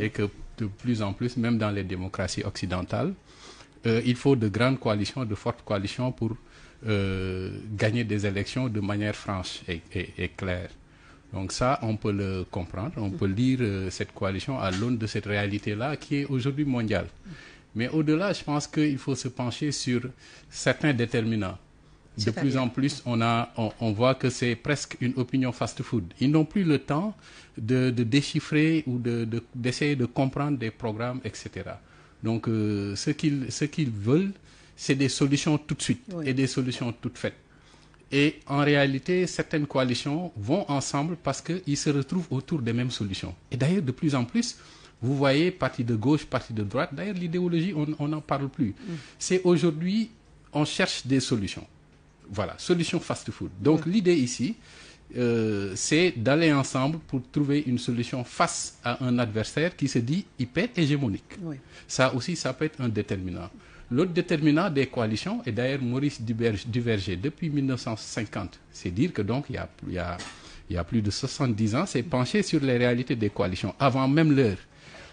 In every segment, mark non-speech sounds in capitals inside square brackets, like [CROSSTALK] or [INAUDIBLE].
et que de plus en plus, même dans les démocraties occidentales, euh, il faut de grandes coalitions, de fortes coalitions pour euh, gagner des élections de manière franche et, claire. Donc ça, on peut le comprendre, on peut lire euh, cette coalition à l'aune de cette réalité-là qui est aujourd'hui mondiale. Mais au-delà, je pense qu'il faut se pencher sur certains déterminants de plus en plus, on, voit que c'est presque une opinion fast-food. Ils n'ont plus le temps de, déchiffrer ou d'essayer de, comprendre des programmes, etc. Donc, euh, ce qu'ils veulent, c'est des solutions tout de suite et des solutions toutes faites. Et en réalité, certaines coalitions vont ensemble parce qu'ils se retrouvent autour des mêmes solutions. Et d'ailleurs, de plus en plus, vous voyez, partie de gauche, partie de droite, d'ailleurs, l'idéologie, on n'en parle plus. Mm. C'est aujourd'hui, on cherche des solutions. Voilà, solution fast-food. Donc l'idée ici, euh, c'est d'aller ensemble pour trouver une solution face à un adversaire qui se dit hyper hégémonique. Ça aussi, ça peut être un déterminant. L'autre déterminant des coalitions, et d'ailleurs Maurice Duverger, depuis 1950, c'est dire que donc il y a, plus de 70 ans, c'est penché sur les réalités des coalitions, avant même l'heure,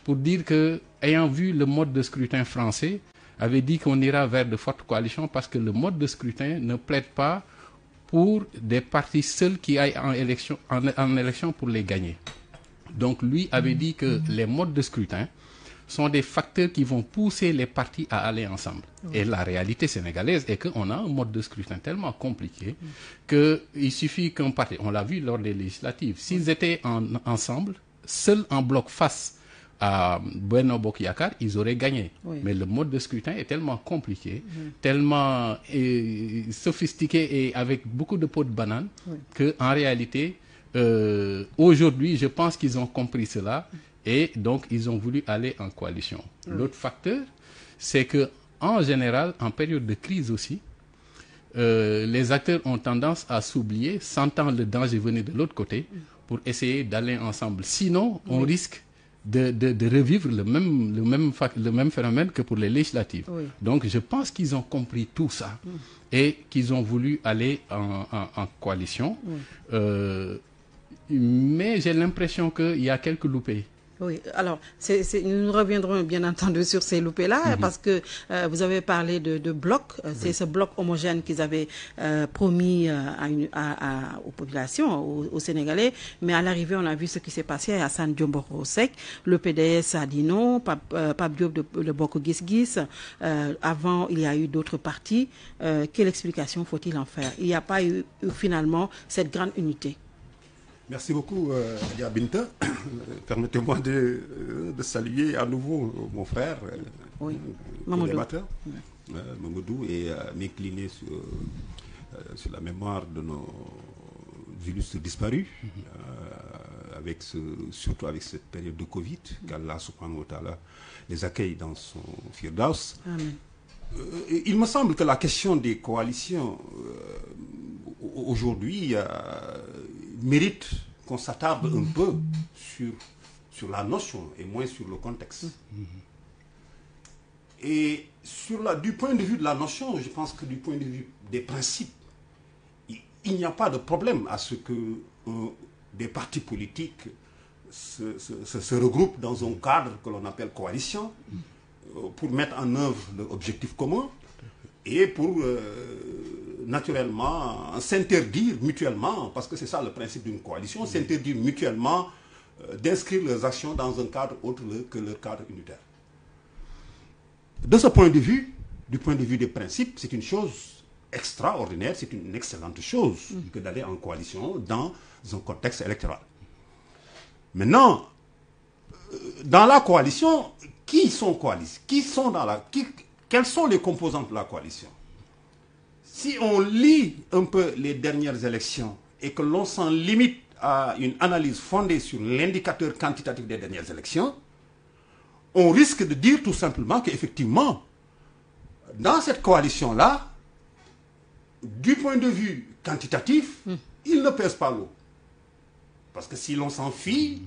pour dire que, ayant vu le mode de scrutin français, avait dit qu'on ira vers de fortes coalitions parce que le mode de scrutin ne plaide pas pour des partis seuls qui aillent en élection, en, élection pour les gagner. Donc lui avait dit que mhm. les modes de scrutin sont des facteurs qui vont pousser les partis à aller ensemble. Et la réalité sénégalaise est qu'on a un mode de scrutin tellement compliqué mhm. que qu'il suffit qu'un parti, on l'a vu lors des législatives, s'ils étaient en, ensemble, seuls en bloc face à euh, Bueno ils auraient gagné. Mais le mode de scrutin est tellement compliqué, tellement sophistiqué et avec beaucoup de peau de banane, qu'en réalité, euh, aujourd'hui, je pense qu'ils ont compris cela et donc ils ont voulu aller en coalition. L'autre facteur, c'est que en général, en période de crise aussi, euh, les acteurs ont tendance à s'oublier, sentant le danger venir de l'autre côté, pour essayer d'aller ensemble. Sinon, on risque de, revivre le même, le, même, le même phénomène que pour les législatives. Donc je pense qu'ils ont compris tout ça mm. et qu'ils ont voulu aller en, coalition. Euh, mais j'ai l'impression qu'il y a quelques loupés. Oui, alors, nous reviendrons bien entendu sur ces loupés-là, mhm. parce que euh, vous avez parlé de, de blocs. Euh, c'est ce bloc homogène qu'ils avaient euh, promis aux populations, aux, Sénégalais. Mais à l'arrivée, on a vu ce qui s'est passé à San Diomboro Sec. Le PDS a dit non, Pape, de, de Boko Gis avant, il y a eu d'autres partis. quelle explication faut-il en faire Il n'y a pas eu finalement cette grande unité. Merci beaucoup, Yabinta. Euh, [COUGHS] Permettez-moi euh, de, saluer à nouveau mon frère, euh, oui. Mamoudou. et m'incliner sur, la mémoire de nos illustres disparus, mhm. avec ce, surtout avec cette période de Covid, mhm. qu'Allah subhanahu wa ta'ala les accueille dans son firdaus. il me semble que la question des coalitions, aujourd'hui, mérite qu'on s'attarde un peu sur, sur la notion et moins sur le contexte. Et sur la, du point de vue de la notion, je pense que du point de vue des principes, il, n'y a pas de problème à ce que euh, des partis politiques se, regroupent dans un cadre que l'on appelle coalition euh, pour mettre en œuvre l'objectif commun et pour euh, naturellement s'interdire mutuellement, parce que c'est ça le principe d'une coalition, s'interdire mutuellement euh, d'inscrire leurs actions dans un cadre autre que leur cadre unitaire. De ce point de vue, du point de vue des principes, c'est une chose extraordinaire, c'est une excellente chose mm. que d'aller en coalition dans un contexte électoral. Maintenant, euh, dans la coalition, qui sont coalisés, Qui sont dans la qui, sont les composantes de la coalition si on lit un peu les dernières élections et que l'on s'en limite à une analyse fondée sur l'indicateur quantitatif des dernières élections, on risque de dire tout simplement qu'effectivement, dans cette coalition-là, du point de vue quantitatif, hmm. il ne pèse pas l'eau. Parce que si l'on s'en fie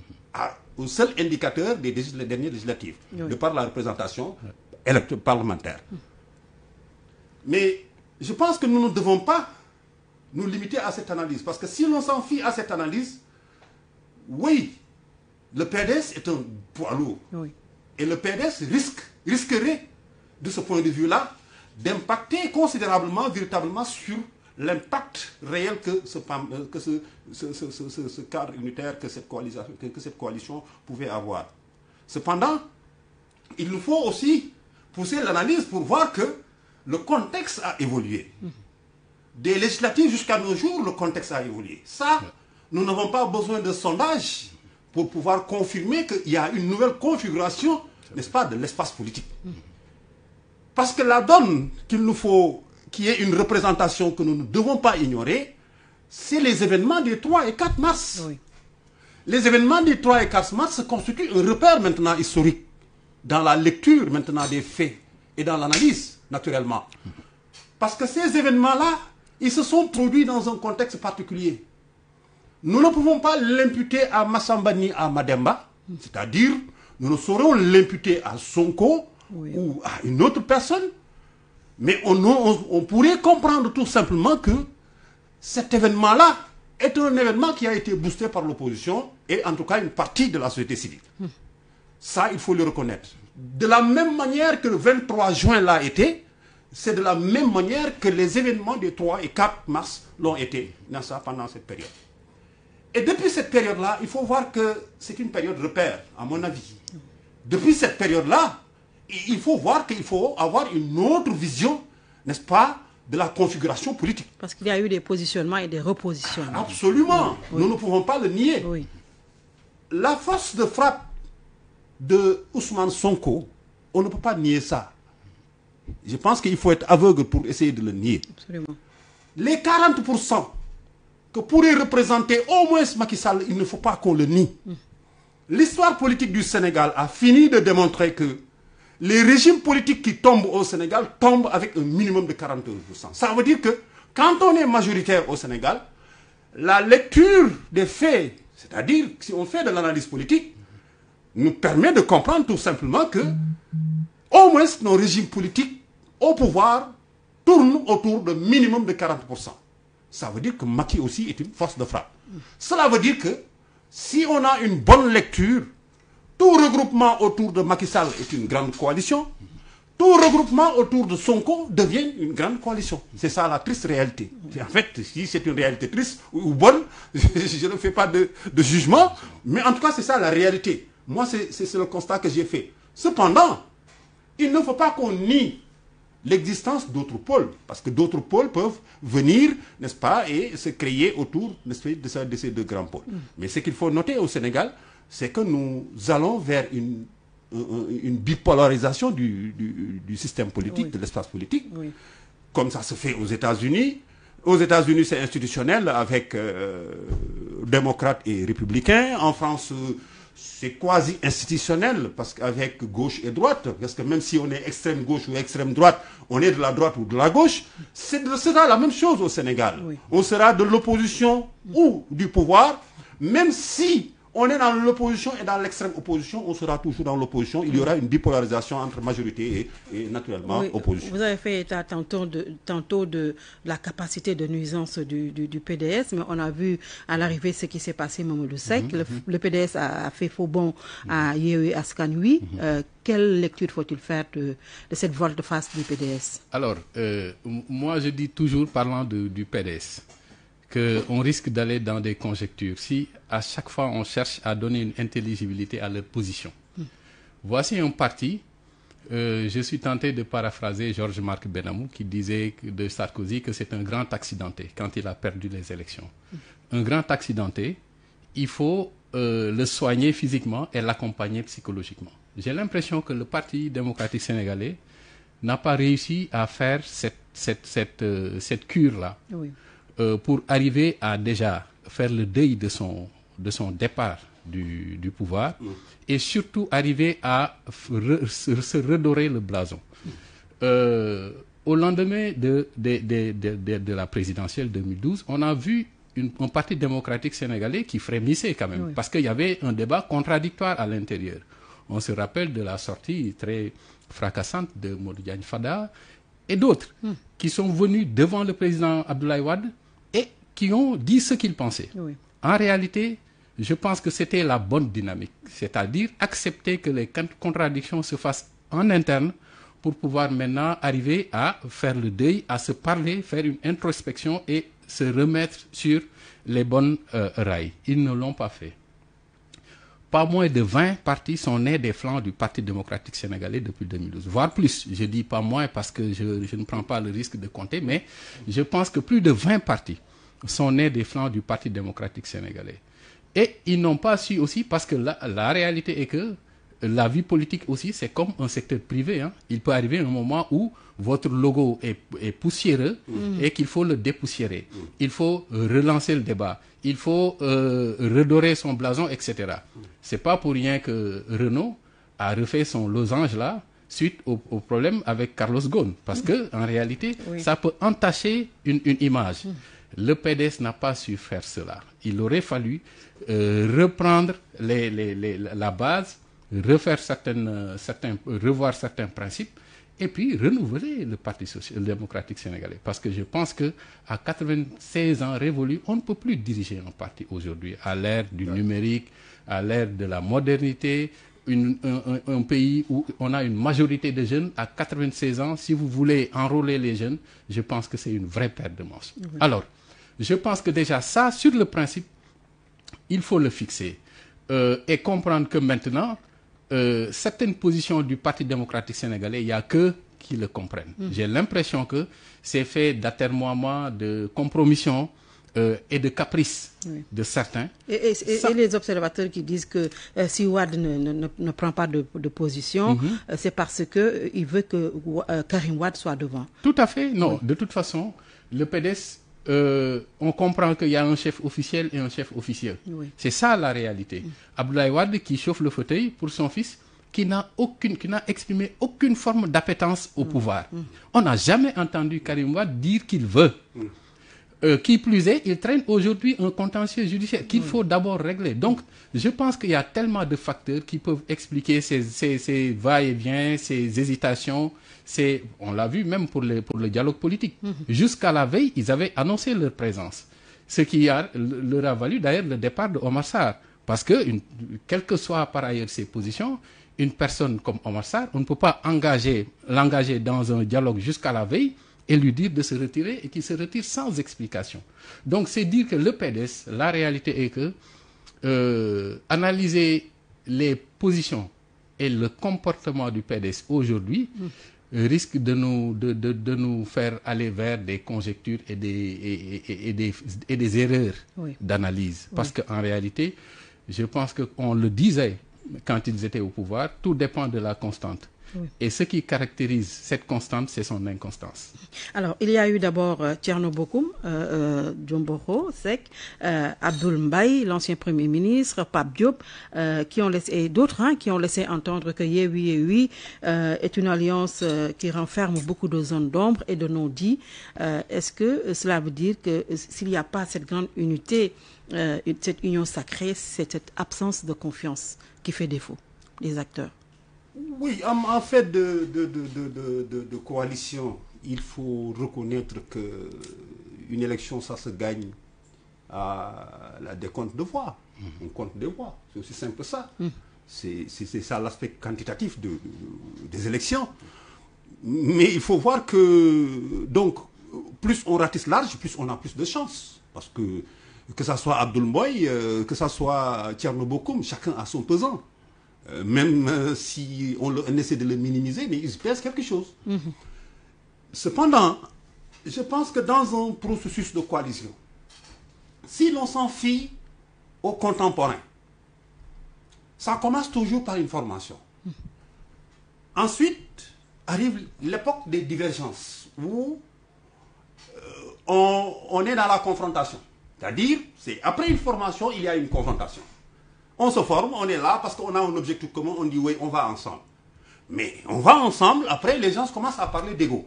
au seul indicateur des, des derniers législatives, de par la représentation parlementaire. Hmm. Mais je pense que nous ne devons pas nous limiter à cette analyse. Parce que si l'on s'en fie à cette analyse, oui, le PDS est un poids lourd. Et le PDS risque, risquerait, de ce point de vue-là, d'impacter considérablement, véritablement, sur l'impact réel que, ce, euh, que ce, ce, cadre unitaire, que cette, coalition, que, que cette coalition pouvait avoir. Cependant, il nous faut aussi pousser l'analyse pour voir que le contexte a évolué. Des législatives jusqu'à nos jours, le contexte a évolué. Ça, nous n'avons pas besoin de sondage pour pouvoir confirmer qu'il y a une nouvelle configuration, n'est-ce pas, de l'espace politique. Parce que la donne qu'il nous faut, qui est une représentation que nous ne devons pas ignorer, c'est les événements du 3 et 4 mars. Les événements du 3 et 4 mars constituent un repère maintenant historique dans la lecture maintenant des faits et dans l'analyse naturellement. Parce que ces événements-là, ils se sont produits dans un contexte particulier. Nous ne pouvons pas l'imputer à Massambani, ni à Mademba, c'est-à-dire nous ne saurons l'imputer à Sonko ou à une autre personne, mais on, on, on pourrait comprendre tout simplement que cet événement-là est un événement qui a été boosté par l'opposition et en tout cas une partie de la société civile. Ça, il faut le reconnaître de la même manière que le 23 juin l'a été, c'est de la même manière que les événements du 3 et 4 mars l'ont été dans ça, pendant cette période. Et depuis cette période-là, il faut voir que c'est une période repère, à mon avis. Depuis cette période-là, il faut voir qu'il faut avoir une autre vision, n'est-ce pas, de la configuration politique. Parce qu'il y a eu des positionnements et des repositionnements. Absolument. Nous ne pouvons pas le nier. La force de frappe de Ousmane Sonko, on ne peut pas nier ça. Je pense qu'il faut être aveugle pour essayer de le nier. Les 40% que pourrait représenter au moins Macky Sall, il ne faut pas qu'on le nie. Mm. L'histoire politique du Sénégal a fini de démontrer que les régimes politiques qui tombent au Sénégal tombent avec un minimum de 40% Ça veut dire que quand on est majoritaire au Sénégal, la lecture des faits, c'est-à-dire si on fait de l'analyse politique, nous permet de comprendre tout simplement que, au moins, nos régimes politiques au pouvoir tournent autour d'un minimum de 40%. Ça veut dire que Maki aussi est une force de frappe. Cela veut dire que, si on a une bonne lecture, tout regroupement autour de Macky Sall est une grande coalition. Tout regroupement autour de Sonko devient une grande coalition. C'est ça la triste réalité. en fait, si c'est une réalité triste ou bonne, [LAUGHS] je ne fais pas de jugement, mais en tout cas, c'est ça la réalité. Moi, c'est le constat que j'ai fait. Cependant, il ne faut pas qu'on nie l'existence d'autres pôles, parce que d'autres pôles peuvent venir, n'est-ce pas, et se créer autour de, ces deux grands pôles. Mm. Mais ce qu'il faut noter au Sénégal, c'est que nous allons vers une, euh, bipolarisation du, du, système politique, de l'espace politique, comme ça se fait aux États-Unis. Aux États-Unis, c'est institutionnel avec euh, démocrates et républicains. En France, euh, c'est quasi institutionnel, parce qu'avec gauche et droite, parce que même si on est extrême gauche ou extrême droite, on est de la droite ou de la gauche, c'est sera la même chose au Sénégal. On sera de l'opposition ou du pouvoir, même si on est dans l'opposition et dans l'extrême opposition, on sera toujours dans l'opposition. Il y aura une bipolarisation entre majorité et, naturellement opposition. Vous avez fait état tantôt de, tantôt de la capacité de nuisance du, PDS, mais on a vu à l'arrivée ce qui s'est passé, au Sek. du le, mhm. PDS a, fait faux bond mhm. à Askanoui. Mhm. Euh, quelle lecture faut-il faire de, cette volte-face du PDS Alors, euh, moi je dis toujours, parlant du PDS, on risque d'aller dans des conjectures. Si à chaque fois on cherche à donner une intelligibilité à leur position. Hmm. Voici un parti, euh, je suis tenté de paraphraser Georges-Marc Benamou qui disait de Sarkozy que c'est un grand accidenté quand il a perdu les élections. Hmm. Un grand accidenté, il faut euh, le soigner physiquement et l'accompagner psychologiquement. J'ai l'impression que le Parti démocratique sénégalais n'a pas réussi à faire cette, cette, cette, euh, cette cure-là. Oui. Euh, pour arriver à déjà faire le deuil de son, départ du, pouvoir mm. et surtout arriver à se, redorer le blason. Mm. Euh, au lendemain de, de, de, la présidentielle 2012, on a vu une, un parti démocratique sénégalais qui frémissait quand même, parce qu'il y avait un débat contradictoire à l'intérieur. On se rappelle de la sortie très fracassante de Mourdiane Fada et d'autres mm. qui sont venus devant le président Abdoulaye Wade qui ont dit ce qu'ils pensaient. En réalité, je pense que c'était la bonne dynamique, c'est-à-dire accepter que les contradictions se fassent en interne pour pouvoir maintenant arriver à faire le deuil, à se parler, faire une introspection et se remettre sur les bonnes euh, rails. Ils ne l'ont pas fait. Pas moins de 20 partis sont nés des flancs du Parti démocratique sénégalais depuis 2012, voire plus. Je dis pas moins parce que je, je ne prends pas le risque de compter, mais je pense que plus de 20 partis sont nés des flancs du Parti démocratique sénégalais. Et ils n'ont pas su aussi, parce que la, réalité est que la vie politique aussi, c'est comme un secteur privé. Hein. Il peut arriver un moment où votre logo est, poussiéreux mm. et qu'il faut le dépoussiérer. Il faut relancer le débat. Il faut euh, redorer son blason, etc. Ce n'est pas pour rien que Renault a refait son losange là suite au, problème avec Carlos Ghosn. Parce que, en réalité, ça peut entacher une image. Mm. Le PDS n'a pas su faire cela. Il aurait fallu euh, reprendre la base, refaire certains, revoir certains principes et puis renouveler le Parti social, démocratique sénégalais. Parce que je pense que à 96 ans révolus, on ne peut plus diriger un parti aujourd'hui à l'ère du numérique, à l'ère de la modernité, un, pays où on a une majorité de jeunes à 96 ans, si vous voulez enrôler les jeunes, je pense que c'est une vraie perte de morceaux. Alors, je pense que déjà ça, sur le principe, il faut le fixer euh, et comprendre que maintenant, euh, certaines positions du Parti démocratique sénégalais, il n'y a que qui le comprennent. Mm. J'ai l'impression que c'est fait d'atermoiement, de compromission euh, et de caprice de certains. Et, les observateurs qui disent que si Ouad ne, ne, prend pas de, de position, mm-hmm. c'est parce qu'il veut que Karim Ouad soit devant. Tout à fait, non. De toute façon, le PDS euh, on comprend qu'il y a un chef officiel et un chef officiel. C'est ça la réalité. Mm. Abdoulaye Wad qui chauffe le fauteuil pour son fils qui n'a exprimé aucune forme d'appétence au mm. pouvoir. Mm. On n'a jamais entendu Karim Wad dire qu'il veut. Euh, qui plus est, il traîne aujourd'hui un contentieux judiciaire qu'il faut d'abord régler. Donc, je pense qu'il y a tellement de facteurs qui peuvent expliquer ces va-et-vient, ces hésitations, c'est, on l'a vu même pour, pour le dialogue politique. Jusqu'à la veille, ils avaient annoncé leur présence. Ce qui leur a valu d'ailleurs le départ de Omar Sarr. Parce que, quelle que soient par ailleurs ses positions, une personne comme Omar Sarr, on ne peut pas engager, l'engager dans un dialogue jusqu'à la veille et lui dire de se retirer et qu'il se retire sans explication. Donc c'est dire que le PDS, la réalité est que euh, analyser les positions et le comportement du PDS aujourd'hui, risque de nous, de, de, nous faire aller vers des conjectures et des, et, des, et des erreurs d'analyse. Parce qu'en réalité, je pense qu'on le disait quand ils étaient au pouvoir, tout dépend de la constante. Et ce qui caractérise cette constante, c'est son inconstance. Alors, il y a eu d'abord euh, euh, euh Sek, euh, Mbaye, l'ancien Premier ministre, Pape Diop, qui ont laissé, et d'autres hein, qui ont laissé entendre que oui, et est une alliance qui renferme beaucoup de zones d'ombre et de non-dits. Est-ce que cela veut dire que s'il n'y a pas cette grande unité, cette union sacrée, c'est cette absence de confiance qui fait défaut des acteurs oui, en, fait, de, coalition, il faut reconnaître que une élection, ça se gagne à la décompte de voix. On mhm. compte des voix. C'est aussi simple que ça. Mhm. C'est ça l'aspect quantitatif des élections. Mais il faut voir que, donc, plus on ratisse large, plus on a plus de chances. Parce que, que ce soit Abdoul euh, que ce soit Bokoum, chacun a son pesant. Euh, même euh, si on, essaie de le minimiser, mais il pèse quelque chose. Mhm. Cependant, je pense que dans un processus de coalition, si l'on s'en fie aux contemporains, ça commence toujours par une formation. Mhm. Ensuite arrive l'époque des divergences, où euh, on, on est dans la confrontation. C'est-à-dire, c'est après une formation, il y a une confrontation. On se forme, on est là parce qu'on a un objectif commun, on dit oui, on va ensemble. Mais on va ensemble, après les gens commencent à parler d'ego.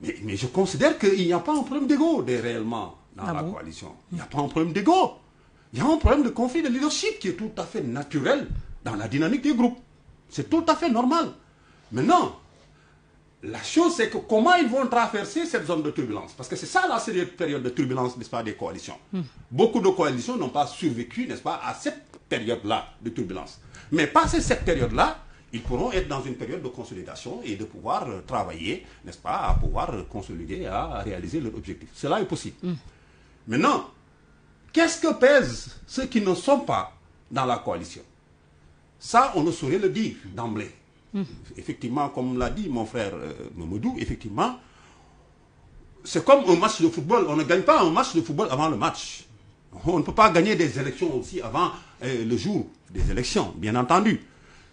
Mais, je considère qu'il n'y a pas un problème d'ego réellement dans ah la coalition. Il n'y a pas un problème d'ego. Il y a un problème de conflit de leadership qui est tout à fait naturel dans la dynamique du groupe. C'est tout à fait normal. Maintenant, la chose c'est que comment ils vont traverser cette zone de turbulence Parce que c'est ça la série période de turbulence, n'est-ce pas, des coalitions. Hmm. Beaucoup de coalitions n'ont pas survécu, n'est-ce pas, à cette période-là de turbulence. Mais passé cette période-là, ils pourront être dans une période de consolidation et de pouvoir euh, travailler, n'est-ce pas, à pouvoir euh, consolider, à réaliser leur objectif. Cela est possible. Mm. Maintenant, qu'est-ce que pèsent ceux qui ne sont pas dans la coalition Ça, on ne saurait le dire d'emblée. Mm. Effectivement, comme l'a dit mon frère euh, Moumoudou, effectivement, c'est comme un match de football. On ne gagne pas un match de football avant le match. On ne peut pas gagner des élections aussi avant euh, le jour des élections, bien entendu.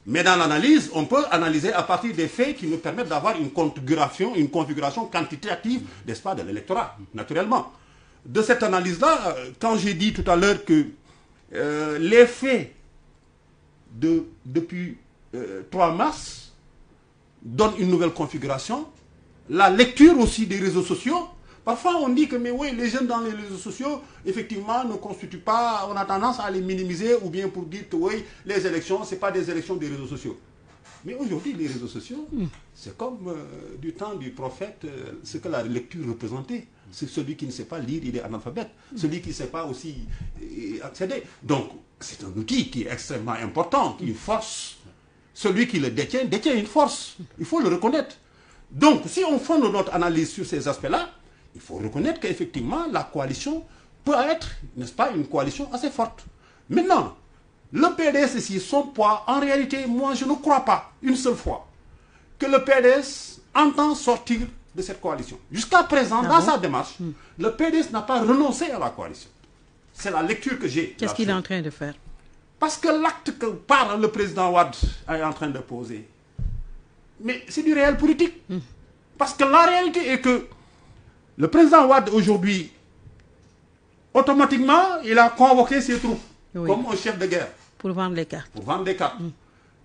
Mais dans l'analyse, on peut analyser à partir des faits qui nous permettent d'avoir une configuration, une configuration quantitative, nest de l'électorat, naturellement. De cette analyse-là, euh, quand j'ai dit tout à l'heure que euh, les faits de, depuis 3 mars donnent une nouvelle configuration, la lecture aussi des réseaux sociaux Parfois, on dit que mais oui, les jeunes dans les réseaux sociaux, effectivement, ne constituent pas, on a tendance à les minimiser ou bien pour dire que les élections, ce pas des élections des réseaux sociaux. Mais aujourd'hui, les réseaux sociaux, hmm. c'est comme euh, du temps du prophète, euh, ce que la lecture représentait. C'est celui qui ne sait pas lire, il est analphabète. Hmm. Celui qui ne sait pas aussi euh, accéder. Donc, c'est un outil qui est extrêmement important, qui hmm. force. Celui qui le détient, détient une force. Il faut le reconnaître. Donc, si on fonde notre analyse sur ces aspects-là, il faut reconnaître qu'effectivement, la coalition peut être, n'est-ce pas, une coalition assez forte. Maintenant, le PDS ici, son poids, en réalité, moi, je ne crois pas, une seule fois, que le PDS entend sortir de cette coalition. Jusqu'à présent, ah dans sa démarche, hmm. le PDS n'a pas renoncé à la coalition. C'est la lecture que j'ai. Qu'est-ce qu'il est en train de faire Parce que l'acte que parle le président Ouad est en train de poser, mais c'est du réel politique. Hmm. Parce que la réalité est que le président Ouad, aujourd'hui, automatiquement, il a convoqué ses troupes comme un chef de guerre. Pour vendre les cartes. Pour vendre des cartes.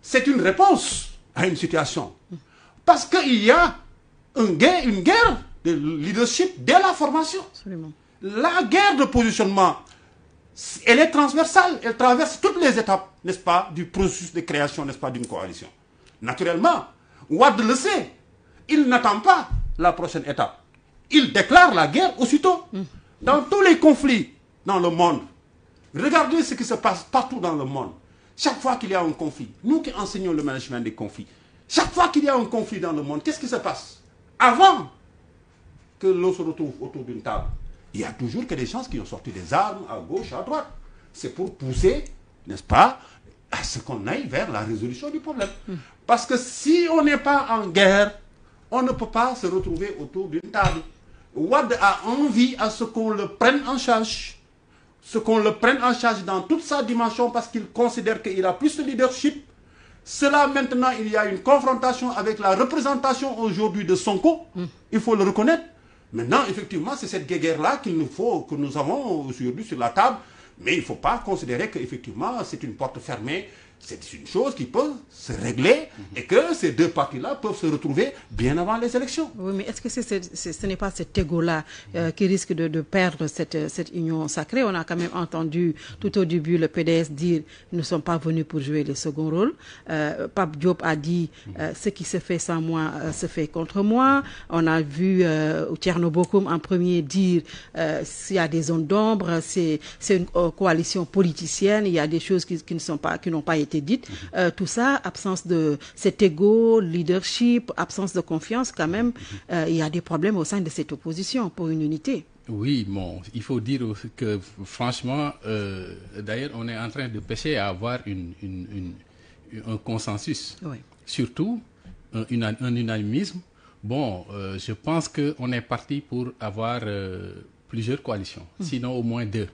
C'est une réponse à une situation. Parce qu'il y a une guerre, une guerre de leadership dès la formation. La guerre de positionnement, elle est transversale, elle traverse toutes les étapes, n'est-ce pas, du processus de création, n'est-ce pas, d'une coalition. Naturellement, Ouad le sait, il n'attend pas la prochaine étape. Il déclare la guerre aussitôt. Dans tous les conflits dans le monde, regardez ce qui se passe partout dans le monde. Chaque fois qu'il y a un conflit, nous qui enseignons le management des conflits, chaque fois qu'il y a un conflit dans le monde, qu'est-ce qui se passe Avant que l'on se retrouve autour d'une table, il y a toujours que des gens qui ont sorti des armes à gauche, à droite. C'est pour pousser, n'est-ce pas, à ce qu'on aille vers la résolution du problème. Parce que si on n'est pas en guerre, on ne peut pas se retrouver autour d'une table. Wad a envie à ce qu'on le prenne en charge, ce qu'on le prenne en charge dans toute sa dimension parce qu'il considère qu'il a plus de leadership. Cela maintenant, il y a une confrontation avec la représentation aujourd'hui de Sonko, il faut le reconnaître. Maintenant, effectivement, c'est cette guerre-là qu'il nous faut, que nous avons aujourd'hui sur la table. Mais il ne faut pas considérer qu'effectivement, c'est une porte fermée c'est une chose qui peut se régler mhm. et que ces deux partis-là peuvent se retrouver bien avant les élections. Oui, mais est-ce que ce n'est pas cet égo-là euh, mhm. qui risque de, perdre euh, cette, union sacrée On a quand même entendu tout au début le PDS dire « nous ne sommes pas venus pour jouer le second rôle euh, Pape Diop a dit euh, mhm. ce qui se fait sans moi se fait contre moi ». On a vu Bokoum en premier dire s'il y a des zones d'ombre, c'est une coalition politicienne, il y a des choses qui ne sont pas, qui n'ont pas été euh, tout ça, absence de cet égo, leadership, absence de confiance, quand même, euh, il y a des problèmes au sein de cette opposition pour une unité. Oui, bon, il faut dire que franchement, euh, d'ailleurs, on est en train de pêcher à avoir un consensus. Surtout, un, unanimisme. Bon, je pense qu'on est parti pour avoir plusieurs coalitions, hmm. sinon au moins deux.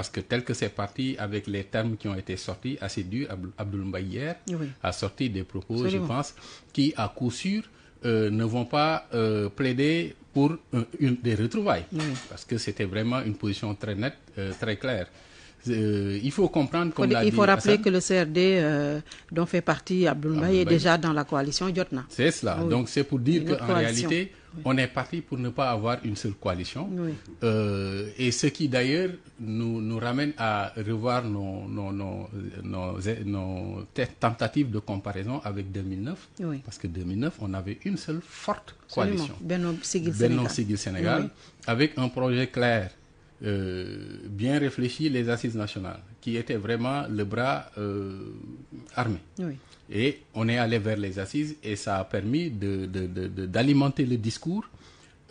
Parce que tel que c'est parti, avec les termes qui ont été sortis, assez durs, Abdoul hier a sorti des propos, je pense, qui, à coup sûr, euh, ne vont pas euh, plaider pour des retrouvailles. Parce que c'était vraiment une position très nette, euh, très claire. il faut comprendre Il faut rappeler que le CRD dont fait partie Abdoulaye est déjà dans la coalition Jotna. C'est cela. Donc c'est pour dire qu'en réalité, on est parti pour ne pas avoir une seule coalition. Euh, et ce qui d'ailleurs nous, ramène à revoir nos, tentatives de comparaison avec 2009. Parce que 2009, on avait une seule forte coalition. Benno Sigil Sénégal, avec un projet clair. Euh, bien réfléchi les assises nationales, qui étaient vraiment le bras euh, armé. Et on est allé vers les assises et ça a permis d'alimenter de, le discours,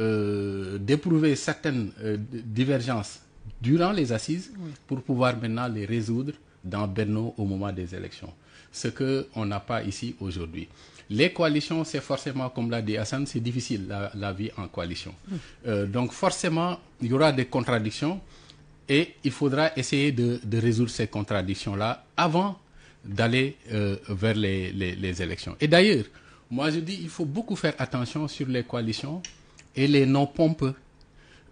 euh, d'éprouver certaines euh, divergences durant les assises pour pouvoir maintenant les résoudre dans Berno au moment des élections. Ce qu'on n'a pas ici aujourd'hui. Les coalitions, c'est forcément, comme l'a dit Hassan, c'est difficile la, vie en coalition. Euh, donc forcément, il y aura des contradictions et il faudra essayer de résoudre ces contradictions-là avant d'aller euh, vers les, élections. Et d'ailleurs, moi je dis il faut beaucoup faire attention sur les coalitions et les non-pompes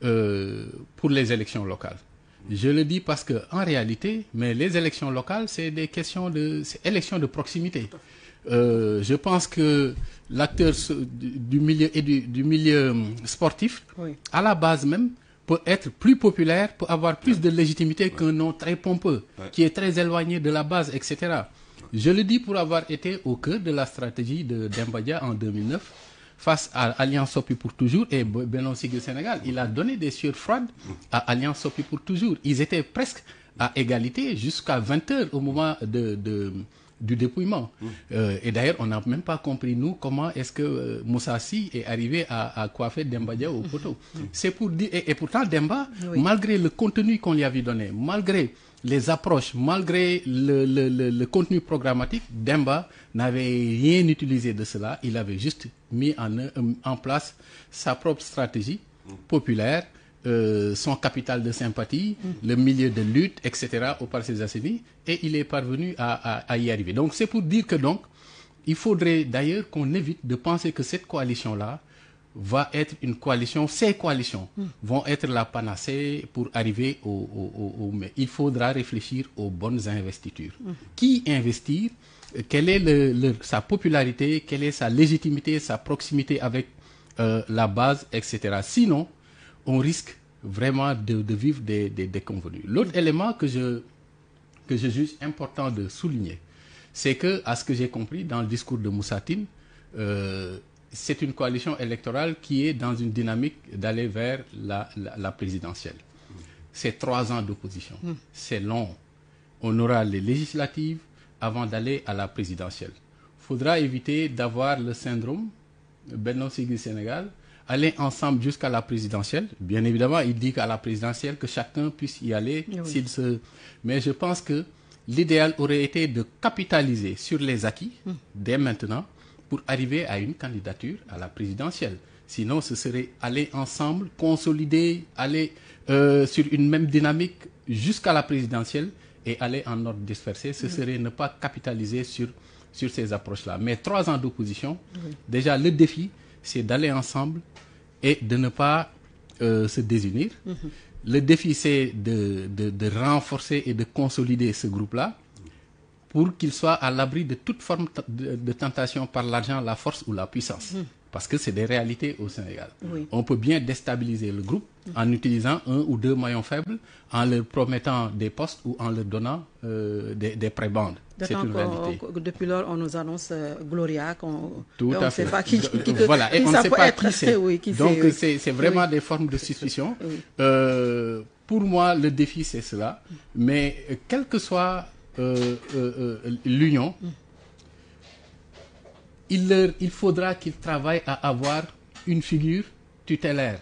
euh, pour les élections locales. Je le dis parce que en réalité, mais les élections locales, c'est des questions de élections de proximité. Euh, je pense que l'acteur du milieu du, milieu hum, sportif, à la base même, peut être plus populaire, pour avoir plus de légitimité qu'un nom très pompeux, qui est très éloigné de la base, etc. Je le dis pour avoir été au cœur de la stratégie de Dembadia en 2009 face à Alliance Sopi pour toujours et Benon Sigue Sénégal. Il a donné des sueurs froides à Alliance Sopi pour toujours. Ils étaient presque à égalité jusqu'à 20 heures au moment de du dépouillement. Euh, et d'ailleurs, on n'a même pas compris, nous, comment est-ce que euh, est arrivé à, coiffer Demba au poteau. [LAUGHS] C'est pour dire, et, pourtant, Demba, malgré le contenu qu'on lui avait donné, malgré les approches, malgré le, le, le, contenu programmatique, Demba n'avait rien utilisé de cela. Il avait juste mis en, euh, en place sa propre stratégie populaire euh, son capital de sympathie, le milieu de lutte, etc., au des Assemblées, et il est parvenu à, y arriver. Donc c'est pour dire que donc, il faudrait d'ailleurs qu'on évite de penser que cette coalition-là va être une coalition, ces coalitions hmm. vont être la panacée pour arriver au, Mais il faudra réfléchir aux bonnes investitures. Hmm. Qui investir Quelle est sa popularité Quelle est sa légitimité, sa proximité avec euh, la base, etc. Sinon, on risque vraiment de, vivre des, déconvenus. L'autre élément que je, que juge important de souligner, c'est que, à ce que j'ai compris dans le discours de Moussatine, euh, c'est une coalition électorale qui est dans une dynamique d'aller vers la, présidentielle. C'est trois ans d'opposition. Hmm. C'est long. On aura les législatives avant d'aller à la présidentielle. Il faudra éviter d'avoir le syndrome Benoît Sigui Sénégal, aller ensemble jusqu'à la présidentielle. Bien évidemment, il dit qu'à la présidentielle, que chacun puisse y aller. s'il se... Mais je pense que l'idéal aurait été de capitaliser sur les acquis hum. dès maintenant pour arriver à une candidature à la présidentielle. Sinon, ce serait aller ensemble, consolider, aller euh, sur une même dynamique jusqu'à la présidentielle et aller en ordre dispersé. Ce serait ne pas capitaliser sur, sur ces approches-là. Mais trois ans d'opposition, déjà le défi, c'est d'aller ensemble, et de ne pas euh, se désunir. Mhm. Le défi, c'est de, renforcer et de consolider ce groupe-là pour qu'il soit à l'abri de toute forme de, tentation par l'argent, la force ou la puissance. Mhm parce que c'est des réalités au Sénégal. On peut bien déstabiliser le groupe en mm-hmm. utilisant un ou deux maillons faibles, en leur promettant des postes ou en leur donnant euh, des, des prébandes. C'est une réalité. Depuis lors, on nous annonce euh, Gloria, qu'on ne sait pas qui, qui, ne sait pas être, c'est. [LAUGHS] Donc, c'est vraiment des formes de suspicion. Euh, pour moi, le défi, c'est cela. Mm. Mais quelle que soit l'union, mm il, leur, il faudra qu'ils travaillent à avoir une figure tutélaire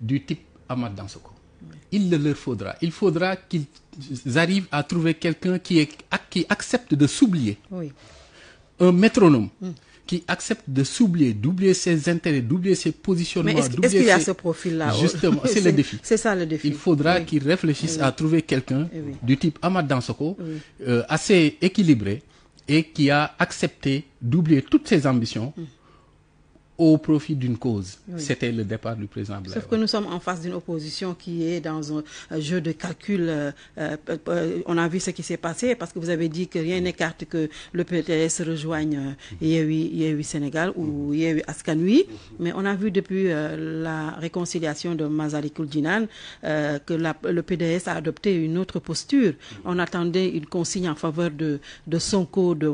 du type Ahmad Dansoko. Il leur faudra. Il faudra qu'ils arrivent à trouver quelqu'un qui, qui accepte de s'oublier. Un métronome. Mm. qui accepte de s'oublier, d'oublier ses intérêts, d'oublier ses positionnements. Mais est-ce qu'il y a ce profil-là Justement, c'est [LAUGHS] le défi. C'est ça le défi. Il faudra qu'ils réfléchissent à trouver quelqu'un eh du type Ahmad Dansoko, euh, assez équilibré, et qui a accepté d'oublier toutes ses ambitions au profit d'une cause. C'était le départ du président Sauf que nous sommes en face d'une opposition qui est dans un euh, jeu de calcul. Euh, euh, on a vu ce qui s'est passé parce que vous avez dit que rien n'écarte que le PDS rejoigne Yéhoui Sénégal ou mhm. Yéhoui Askanui. Mhm. Mais on a vu depuis la réconciliation de Mazari euh, que le PDS a adopté une autre posture. Mhm. On attendait une consigne en faveur de, de Sonko, de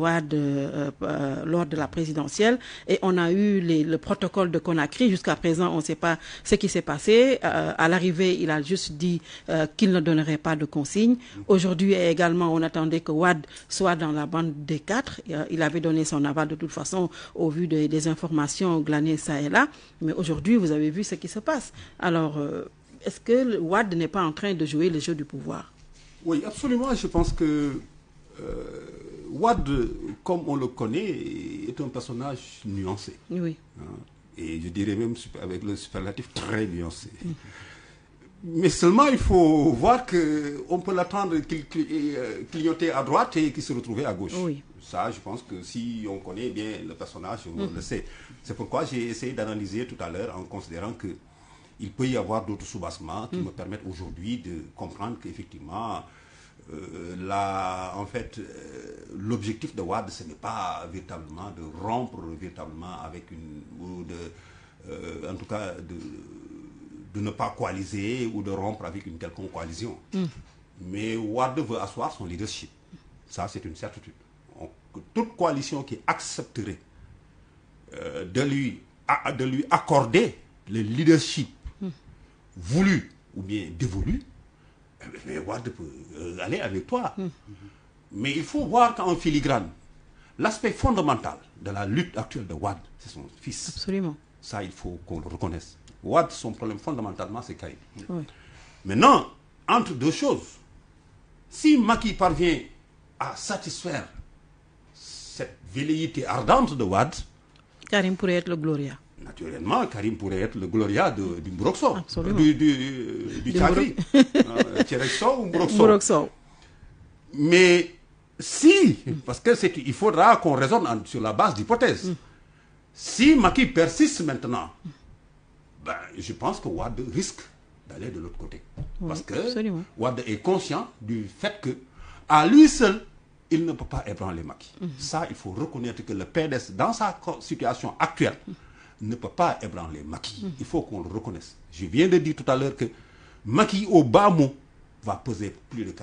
lors de la présidentielle et on a eu les, le le protocole de Conakry. Jusqu'à présent, on ne sait pas ce qui s'est passé. Euh, à l'arrivée, il a juste dit euh, qu'il ne donnerait pas de consignes. Aujourd'hui également, on attendait que Wad soit dans la bande des quatre. Euh, il avait donné son aval de toute façon au vu des informations glanées ça et là. Mais aujourd'hui, vous avez vu ce qui se passe. Alors, est-ce que Wad n'est pas en train de jouer le jeu du pouvoir Oui, absolument. Je pense que Wad, comme on le connaît, est un personnage nuancé. Oui. Hein. et je dirais même avec le superlatif très nuancé. Mm. Mais seulement il faut voir qu'on peut l'attendre qu'il euh, clignotait à droite et qu'il se retrouvait à gauche. Oui. Ça, je pense que si on connaît bien le personnage, on mm. le sait. C'est pourquoi j'ai essayé d'analyser tout à l'heure en considérant que il peut y avoir d'autres sous soubassements qui mm. me permettent aujourd'hui de comprendre qu'effectivement, euh, la, en fait, euh, l'objectif de WAD, ce n'est pas véritablement de rompre véritablement avec une... Ou de, euh, en tout cas, de, de ne pas coaliser ou de rompre avec une quelconque coalition. Mm. Mais Wade veut asseoir son leadership. Ça, c'est une certitude. toute coalition qui accepterait de, lui, de lui accorder le leadership mm. voulu ou bien dévolu, mais Wad peut euh, aller avec toi. Mais il faut voir qu'en filigrane, l'aspect fondamental de la lutte actuelle de Wad, c'est son fils. Absolument. Ça, il faut qu'on le reconnaisse. Wad, son problème fondamentalement, c'est Kaïm. Maintenant, entre deux choses, si Maki parvient à satisfaire cette velléité ardente de Wad, Karim pourrait être le Gloria. Naturellement, Karim pourrait être le Gloria du Mbroxo, du, du, du Tchadri, [LAUGHS] euh, ou Mais si, parce qu'il faudra qu'on raisonne sur la base d'hypothèses, mm. si Maki persiste maintenant, ben, je pense que Wad risque d'aller de l'autre côté. parce que est conscient du fait que, à lui seul, il ne peut pas ébranler Maki. Mm-hmm. Ça, il faut reconnaître que le PDS, dans sa situation actuelle, mm ne peut pas ébranler Macky. Il faut qu'on le reconnaisse. Je viens de dire tout à l'heure que Macky, au bas va peser plus de 40%.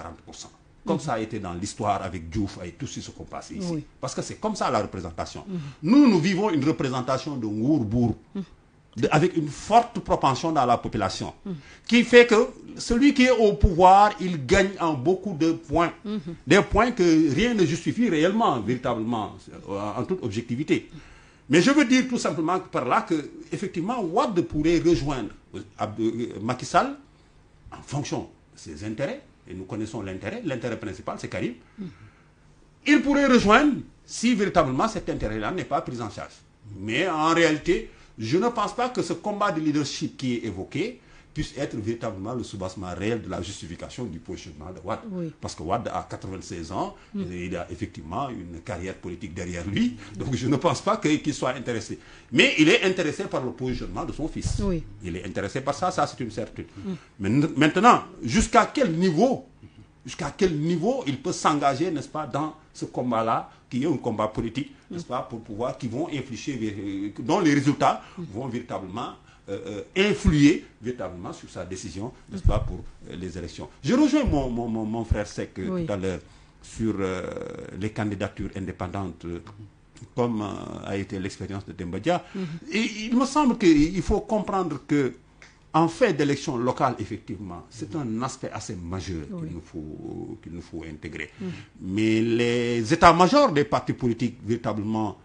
Comme ça a été dans l'histoire avec Diouf et tout ce qu'on passe ici. Parce que c'est comme ça la représentation. Nous, nous vivons une représentation de Ngourbourg, avec une forte propension dans la population, qui fait que celui qui est au pouvoir, il gagne en beaucoup de points. Des points que rien ne justifie réellement, véritablement, en toute objectivité. Mais je veux dire tout simplement par là que, effectivement, Wad pourrait rejoindre euh, euh, Macky Sall en fonction de ses intérêts. Et nous connaissons l'intérêt. L'intérêt principal, c'est Karim. Mm-hmm. Il pourrait rejoindre si véritablement cet intérêt-là n'est pas pris en charge. Mais en réalité, je ne pense pas que ce combat de leadership qui est évoqué puisse être véritablement le soubassement réel de la justification du positionnement de Wad. Parce que Wad a 96 ans, mm. il a effectivement une carrière politique derrière lui, donc je ne pense pas qu'il soit intéressé. Mais il est intéressé par le positionnement de son fils. Il est intéressé par ça, ça c'est une certitude. Mm. Mais maintenant, jusqu'à quel niveau jusqu'à quel niveau il peut s'engager, n'est-ce pas, dans ce combat-là, qui est un combat politique, n'est-ce mm. pas, pour pouvoir, qui vont infliger, euh, dont les résultats vont véritablement euh, euh, influer véritablement sur sa décision, n'est-ce pas, pour euh, les élections. Je rejoins mon, mon, mon, frère Sec tout à l'heure sur les candidatures indépendantes comme a été l'expérience de Dembadia. Mhm. Et il me semble qu'il faut comprendre que en fait d'élections locales, effectivement, c'est mhm. un aspect assez majeur qu'il nous, faut, nous faut intégrer. Mhm. Mais les états-majors des partis politiques, véritablement,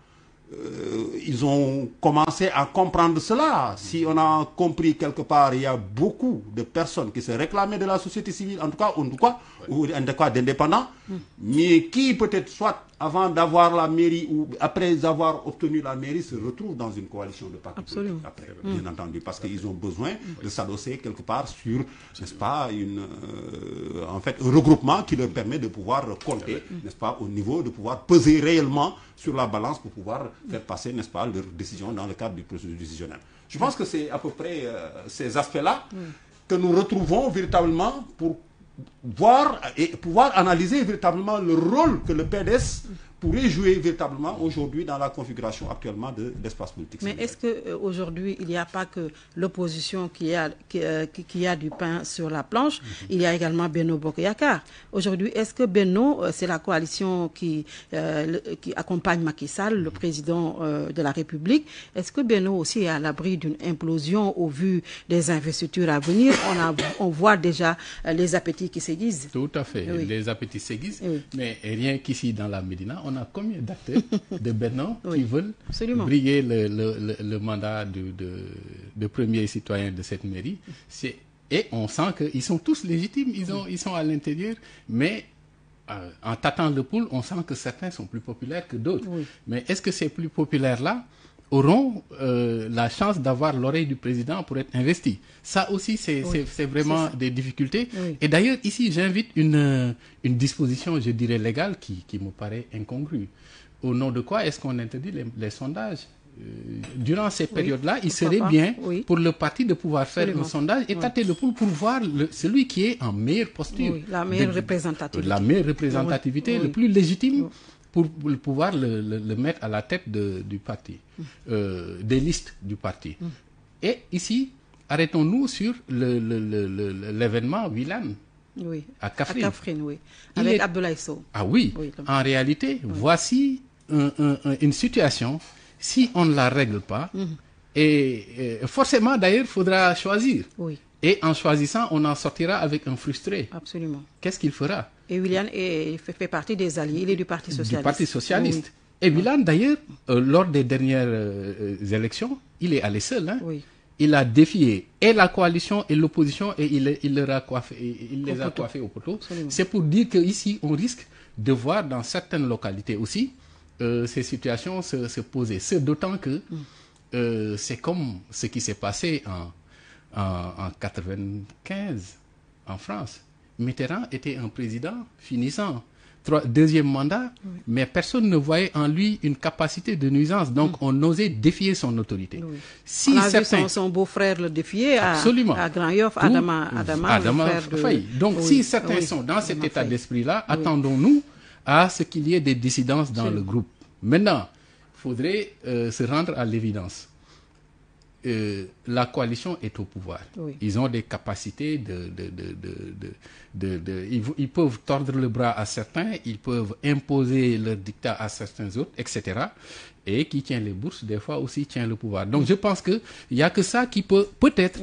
euh, ils ont commencé à comprendre cela. Si on a compris quelque part, il y a beaucoup de personnes qui se réclamaient de la société civile, en tout cas, en tout cas, ou en tout cas d'indépendants, Hmm. mais qui peut-être soit avant d'avoir la mairie ou après avoir obtenu la mairie se retrouve dans une coalition de partis Absolument. Après, hmm. bien entendu, parce qu'ils ont besoin hmm. de s'adosser quelque part sur, n'est-ce pas, une, euh, en fait, un regroupement qui leur permet de pouvoir compter, n'est-ce pas, au niveau, de pouvoir peser réellement sur la balance pour pouvoir faire passer, n'est-ce pas, leurs décisions dans le cadre du processus décisionnel. Je pense que c'est à peu près euh, ces aspects-là que nous retrouvons véritablement pour voir et pouvoir analyser véritablement le rôle que le PDS pourrait jouer véritablement aujourd'hui dans la configuration actuellement de l'espace politique. Mais est-ce qu'aujourd'hui, euh, il n'y a pas que l'opposition qui a, qui, euh, a du pain sur la planche, mhm. il y a également Beno Bokeyakar. Aujourd'hui, est-ce que Beno, euh, c'est la coalition qui, qui accompagne Macky Sall, le mhm. président de la République, est-ce que Beno aussi est à l'abri d'une implosion au vu des investitures à venir on, voit déjà les appétits qui s'aiguisent. Tout à fait, les appétits s'aiguisent, mais rien qu'ici dans la Médina, on a combien d'acteurs [LAUGHS] de Bénin qui veulent briller le, mandat de, de, citoyens premier citoyen de cette mairie Et on sent qu'ils sont tous légitimes, ils, ont, ils sont à l'intérieur, mais euh, en tâtant le poule, on sent que certains sont plus populaires que d'autres. Mais est-ce que c'est plus populaire là auront euh, la chance d'avoir l'oreille du président pour être investi. Ça aussi, c'est vraiment des difficultés. Et d'ailleurs, ici, j'invite euh, une, disposition, je dirais, légale qui, qui me paraît incongrue. Au nom de quoi est-ce qu'on interdit les, sondages euh, durant ces périodes-là, il serait bien pour le parti de pouvoir faire un sondage et tâter le pouls pour voir celui qui est en meilleure posture. la meilleure représentativité. La meilleure représentativité, le plus légitime pour, pouvoir le, mettre à la tête du parti, euh, des listes du parti. Et ici, arrêtons-nous sur l'événement Wilan. À Kafrine. Avec Ah oui. en réalité, voici une situation, si on ne la règle pas, mhm. et, forcément d'ailleurs, il faudra choisir. Et en choisissant, on en sortira avec un frustré. Absolument. Qu'est-ce qu'il fera et William fait, partie des alliés, il est du Parti socialiste. Du Parti socialiste. Et William, d'ailleurs, euh, lors des dernières euh, élections, il est allé seul. Hein. Oui. Il a défié et la coalition et l'opposition et il, leur a coiffé, il les a coiffés au poteau. C'est pour dire qu'ici, on risque de voir dans certaines localités aussi euh, ces situations se, poser. C'est d'autant que mm. c'est comme ce qui s'est passé en, 1995 en France Mitterrand était un président finissant. deuxième mandat, mais personne ne voyait en lui une capacité de nuisance. Donc, mm. on osait défier son autorité. Si on son, beau-frère le défier à, Grand Yoff, Adama, Adama, Adama Donc, si certains sont dans cet état d'esprit-là, attendons-nous à ce qu'il y ait des dissidences dans le groupe. Maintenant, il faudrait euh, se rendre à l'évidence. Euh, la coalition est au pouvoir. Ils ont des capacités de... ils, peuvent tordre le bras à certains, ils peuvent imposer leur dictat à certains autres, etc. Et qui tient les bourses, des fois aussi tient le pouvoir. Donc je pense qu'il n'y a que ça qui peut peut-être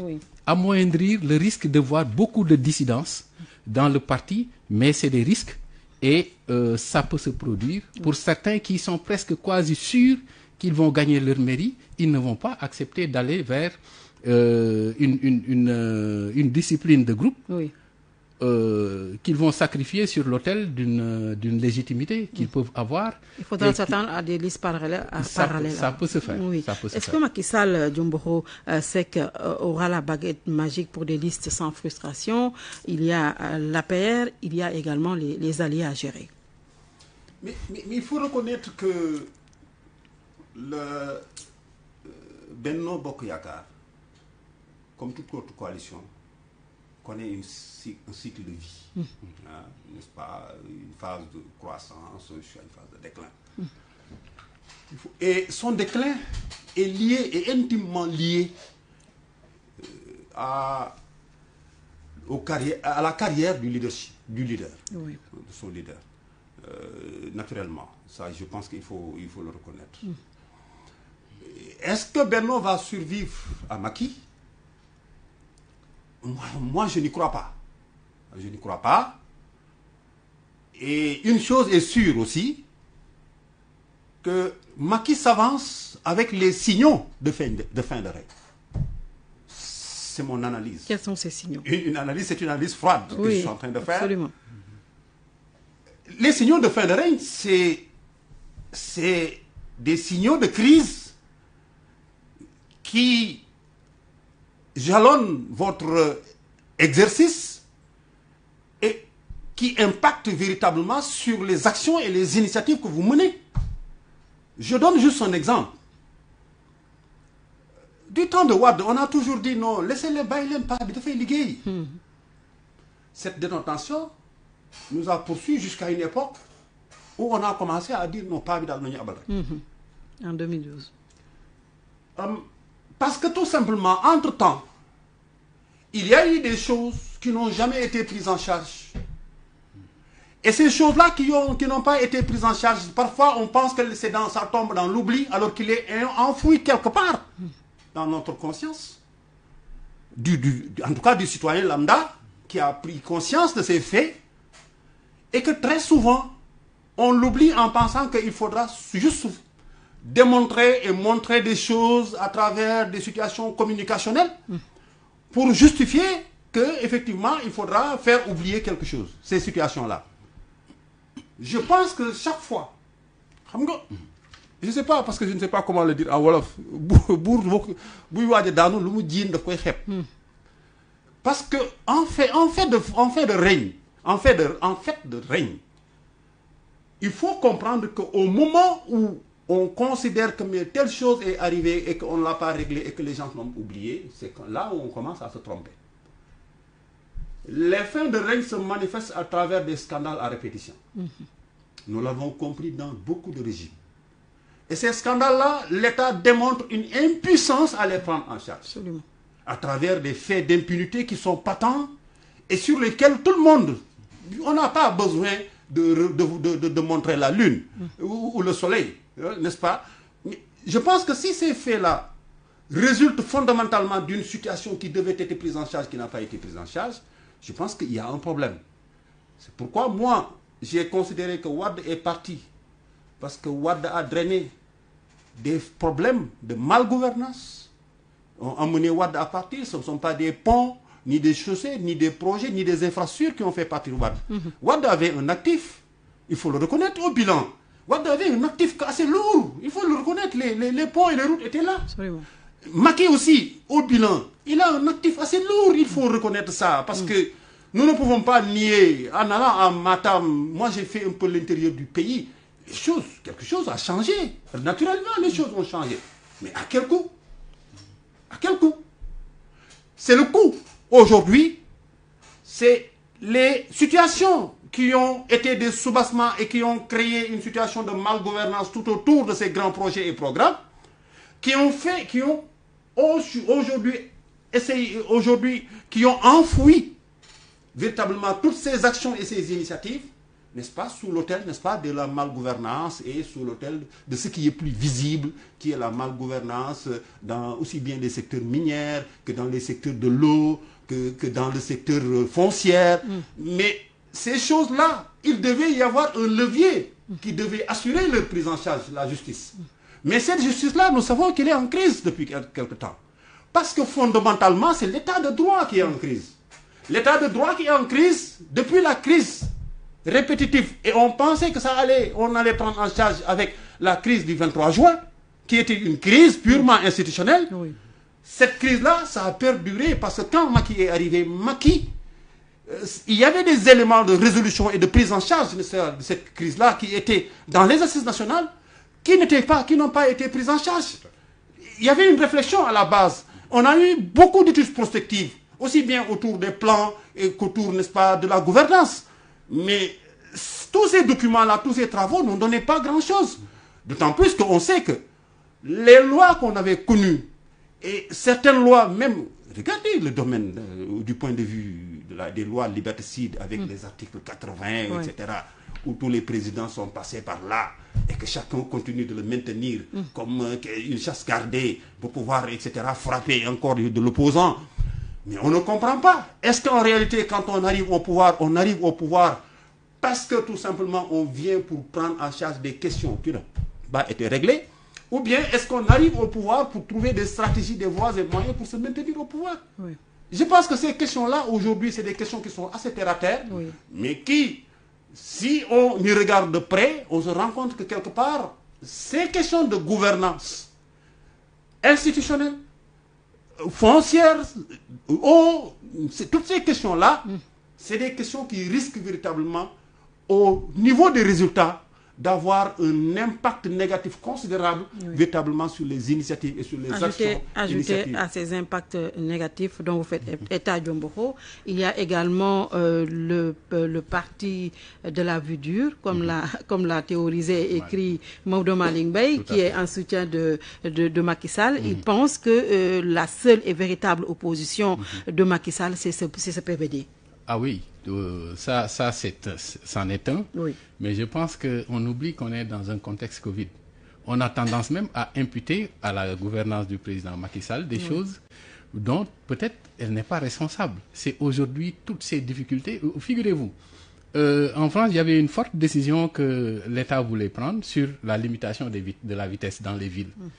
amoindrir le risque de voir beaucoup de dissidence dans le parti, mais c'est des risques et euh, ça peut se produire pour certains qui sont presque quasi sûrs qu'ils vont gagner leur mairie, ils ne vont pas accepter d'aller vers euh, euh, une, discipline de groupe euh, qu'ils vont sacrifier sur l'autel d'une légitimité qu'ils peuvent avoir. Il faudra s'attendre à des listes parallèles. ça, peut se faire. Est-ce que Makissal Sall, sait qu'il aura la baguette magique pour des listes sans frustration Il y a l'APR, il y a également les, alliés à gérer. mais il faut reconnaître que le euh, Benno Bokoyakar, comme toute autre coalition, connaît un cycle de vie, mmh. hein, n'est-ce pas Une phase de croissance, une phase de déclin. Mmh. Et son déclin est lié, est intimement lié euh, à, la carrière du, leadership, du leader, de son leader. Euh, naturellement, ça, je pense qu'il faut, il faut le reconnaître. Mmh est-ce que Bernard va survivre à Maki moi, je n'y crois pas. Je n'y crois pas. Et une chose est sûre aussi, que Maki s'avance avec les signaux de fin de, de règne. C'est mon analyse. Quels sont ces signaux une, analyse, c'est une analyse froide que je suis en train de faire. Absolument. Les signaux de fin de règne, c'est des signaux de crise qui jalonne votre exercice et qui impacte véritablement sur les actions et les initiatives que vous menez. Je donne juste un exemple. Du temps de Wad, on a toujours dit non, laissez-les bailler, pas de Cette détention nous a poursuivis jusqu'à une époque où on a commencé à dire non, pas de hmm. En 2012. Parce que tout simplement, entre-temps, il y a eu des choses qui n'ont jamais été prises en charge. Et ces choses-là qui n'ont pas été prises en charge, parfois on pense que dans, ça tombe dans l'oubli alors qu'il est enfoui quelque part dans notre conscience. Du, en tout cas du citoyen lambda qui a pris conscience de ces faits et que très souvent on l'oublie en pensant qu'il faudra juste démontrer et montrer des choses à travers des situations communicationnelles pour justifier que effectivement il faudra faire oublier quelque chose, ces situations-là. Je pense que chaque fois, je ne sais pas parce que je ne sais pas comment le dire en wolof, hmm. parce que en fait, en fait de, en fait de règne, en fait en fait de règne, il faut comprendre qu'au moment où on considère que telle chose est arrivée et qu'on ne l'a pas réglé et que les gens l'ont oublié, c'est là où on commence à se tromper. Les fins de règne se manifestent à travers des scandales à répétition. Mm-hmm. Nous l'avons compris dans beaucoup de régimes. Et ces scandales-là, l'État démontre une impuissance à les prendre en charge. À travers des faits d'impunité qui sont patents et sur lesquels tout le monde, on n'a pas besoin de, montrer la lune mm. ou le soleil euh, n'est-ce pas Je pense que si ces faits-là résultent fondamentalement d'une situation qui devait être prise en charge, qui n'a pas été prise en charge, je pense qu'il y a un problème. C'est pourquoi moi, j'ai considéré que Wad est parti. Parce que Wad a drainé des problèmes de malgouvernance. On a amené Wad à partir. Ce ne sont pas des ponts, ni des chaussées, ni des projets, ni des infrastructures qui ont fait partir Wad. Mhm. Wad avait un actif. Il faut le reconnaître au bilan. Wade avait un actif assez lourd. Il faut le reconnaître. Les, ponts et les routes étaient là. Maki aussi, au bilan, il a un actif assez lourd. Il faut reconnaître ça. Parce mm. que nous ne pouvons pas nier, en allant à Matam, moi j'ai fait un peu l'intérieur du pays, les choses, quelque chose a changé. Naturellement, les choses ont changé. Mais à quel coût À quel coût C'est le coût. Aujourd'hui, c'est les situations qui ont été des soubassements et qui ont créé une situation de mal-gouvernance tout autour de ces grands projets et programmes, qui ont fait, qui ont aujourd'hui essayé, aujourd'hui, qui ont enfoui véritablement toutes ces actions et ces initiatives, n'est-ce pas, sous l'autel, n'est-ce pas, de la mal-gouvernance et sous l'autel de ce qui est plus visible, qui est la mal-gouvernance dans aussi bien les secteurs minières que dans les secteurs de l'eau, que, dans le secteur euh, foncier. Mm. Mais ces choses-là, il devait y avoir un levier qui devait assurer leur prise en charge de la justice. Mais cette justice-là, nous savons qu'elle est en crise depuis quelque temps. Parce que fondamentalement, c'est l'état de droit qui est en crise. L'état de droit qui est en crise depuis la crise répétitive. Et on pensait que ça allait, on allait prendre en charge avec la crise du 23 juin, qui était une crise purement institutionnelle. Cette crise-là, ça a perduré parce que quand Maki est arrivé, Maki euh, il y avait des éléments de résolution et de prise en charge de cette crise-là qui étaient dans les assises nationales, qui n'étaient pas, qui n'ont pas été prises en charge. Il y avait une réflexion à la base. On a eu beaucoup d'études prospectives, aussi bien autour des plans qu'autour, n'est-ce pas, de la gouvernance. Mais tous ces documents-là, tous ces travaux n'ont donné pas grand-chose. D'autant plus qu'on sait que les lois qu'on avait connues, et certaines lois même regardez le domaine euh, du point de vue des lois liberticides avec mm. les articles 80, etc., où tous les présidents sont passés par là et que chacun continue de le maintenir mm. comme euh, une chasse gardée pour pouvoir, etc., frapper encore de l'opposant. Mais on ne comprend pas. Est-ce qu'en réalité, quand on arrive au pouvoir, on arrive au pouvoir parce que tout simplement, on vient pour prendre en charge des questions qui n'ont pas été réglées ou bien est-ce qu'on arrive au pouvoir pour trouver des stratégies, des voies et des moyens pour se maintenir au pouvoir Je pense que ces questions-là, aujourd'hui, c'est des questions qui sont assez terre à terre, mais qui, si on y regarde de près, on se rend compte que quelque part, ces questions de gouvernance institutionnelle, foncière, toutes ces questions-là, mm. c'est des questions qui risquent véritablement, au niveau des résultats, d'avoir un impact négatif considérable véritablement sur les initiatives et sur les actions. Ajouté à ces impacts euh, négatifs dont vous faites état, Djomboro, il y a également euh, le, euh, le, parti de la vue dure, comme mhm. la [LAUGHS] comme l'a théorisé et écrit ouais. Maudou qui est en soutien de, de, Macky Sall. Il mhm. pense que la seule et véritable opposition mhm. de Macky Sall, c'est ce, ce PVD. Ah oui, ça, ça c'est, c'en est un. Mais je pense qu'on oublie qu'on est dans un contexte Covid. On a tendance même à imputer à la gouvernance du président Macky Sall des choses dont peut-être elle n'est pas responsable. C'est aujourd'hui toutes ces difficultés. Euh, figurez-vous, euh, en France, il y avait une forte décision que l'État voulait prendre sur la limitation de la vitesse dans les villes. Hum.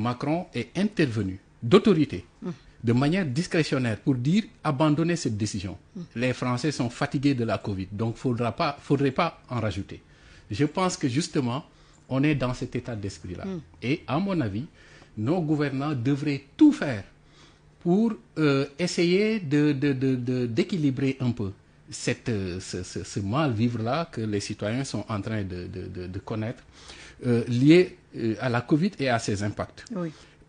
Macron est intervenu d'autorité hum de manière discrétionnaire pour dire abandonner cette décision. Hmm. Les Français sont fatigués de la Covid, donc il ne faudrait pas en rajouter. Je pense que justement, on est dans cet état d'esprit-là. Hmm. Et à mon avis, nos gouvernants devraient tout faire pour euh, essayer d'équilibrer de, un peu euh, ce, mal-vivre-là que les citoyens sont en train de, connaître, euh, lié à la Covid et à ses impacts.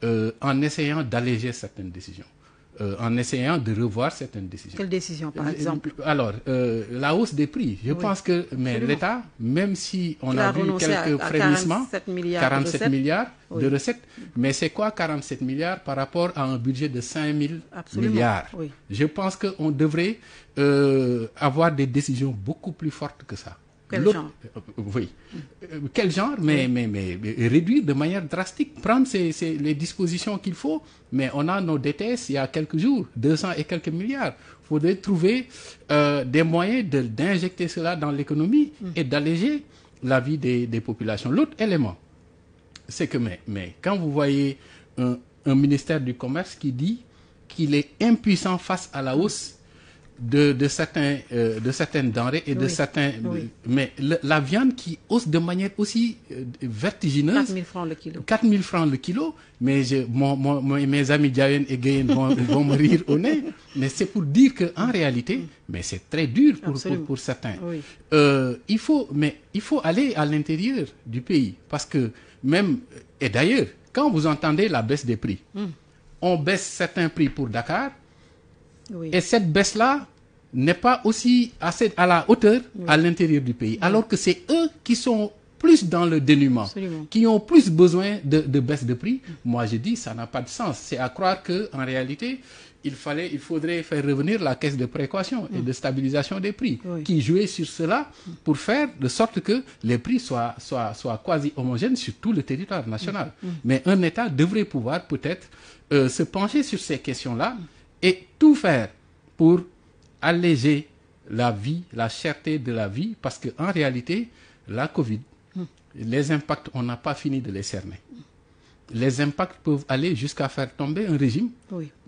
Euh, en essayant d'alléger certaines décisions. Euh, en essayant de revoir certaines décisions. Quelles décisions, par euh, exemple Alors, la hausse des prix. Je pense que l'État, même si on a, vu quelques frémissements, 47 milliards de recettes, milliards de recettes mais c'est quoi 47 milliards par rapport à un budget de 5 000 milliards Je pense qu'on devrait avoir des décisions beaucoup plus fortes que ça. Quel genre euh, Oui. Euh, quel genre, mais, mais, mais, réduire de manière drastique, prendre les dispositions qu'il faut. Mais on a nos DTS il y a quelques jours, 200 et quelques milliards. Il faudrait trouver euh, des moyens d'injecter cela dans l'économie mm. et d'alléger la vie des, populations. L'autre élément, c'est que quand vous voyez un ministère du Commerce qui dit qu'il est impuissant face à la hausse de, certains, euh, de certaines denrées et de certains... Mais la viande qui hausse de manière aussi euh, vertigineuse... 4 000 francs le kilo. 4 000 francs le kilo. Mais je, mon, mes amis Diayen et Gayen vont, [LAUGHS] vont, me rire au nez. Mais c'est pour dire qu'en réalité, mm. mais c'est très dur pour, pour, certains. Euh, il, faut, mais il faut aller à l'intérieur du pays. Parce que même... Et d'ailleurs, quand vous entendez la baisse des prix, mm. on baisse certains prix pour Dakar, et cette baisse-là n'est pas aussi à la hauteur à l'intérieur du pays, alors que c'est eux qui sont plus dans le dénuement, qui ont plus besoin de, baisse de prix. Moi, je dis, ça n'a pas de sens. C'est à croire qu'en réalité, il, fallait, il faudrait faire revenir la caisse de précaution et mm. de stabilisation des prix, qui jouait sur cela pour faire de sorte que les prix soient, quasi homogènes sur tout le territoire national. Mm. Mm. Mais un État devrait pouvoir peut-être euh, se pencher sur ces questions-là et tout faire pour alléger la vie, la cherté de la vie, parce qu'en réalité, la Covid, hmm. les impacts, on n'a pas fini de les cerner. Les impacts peuvent aller jusqu'à faire tomber un régime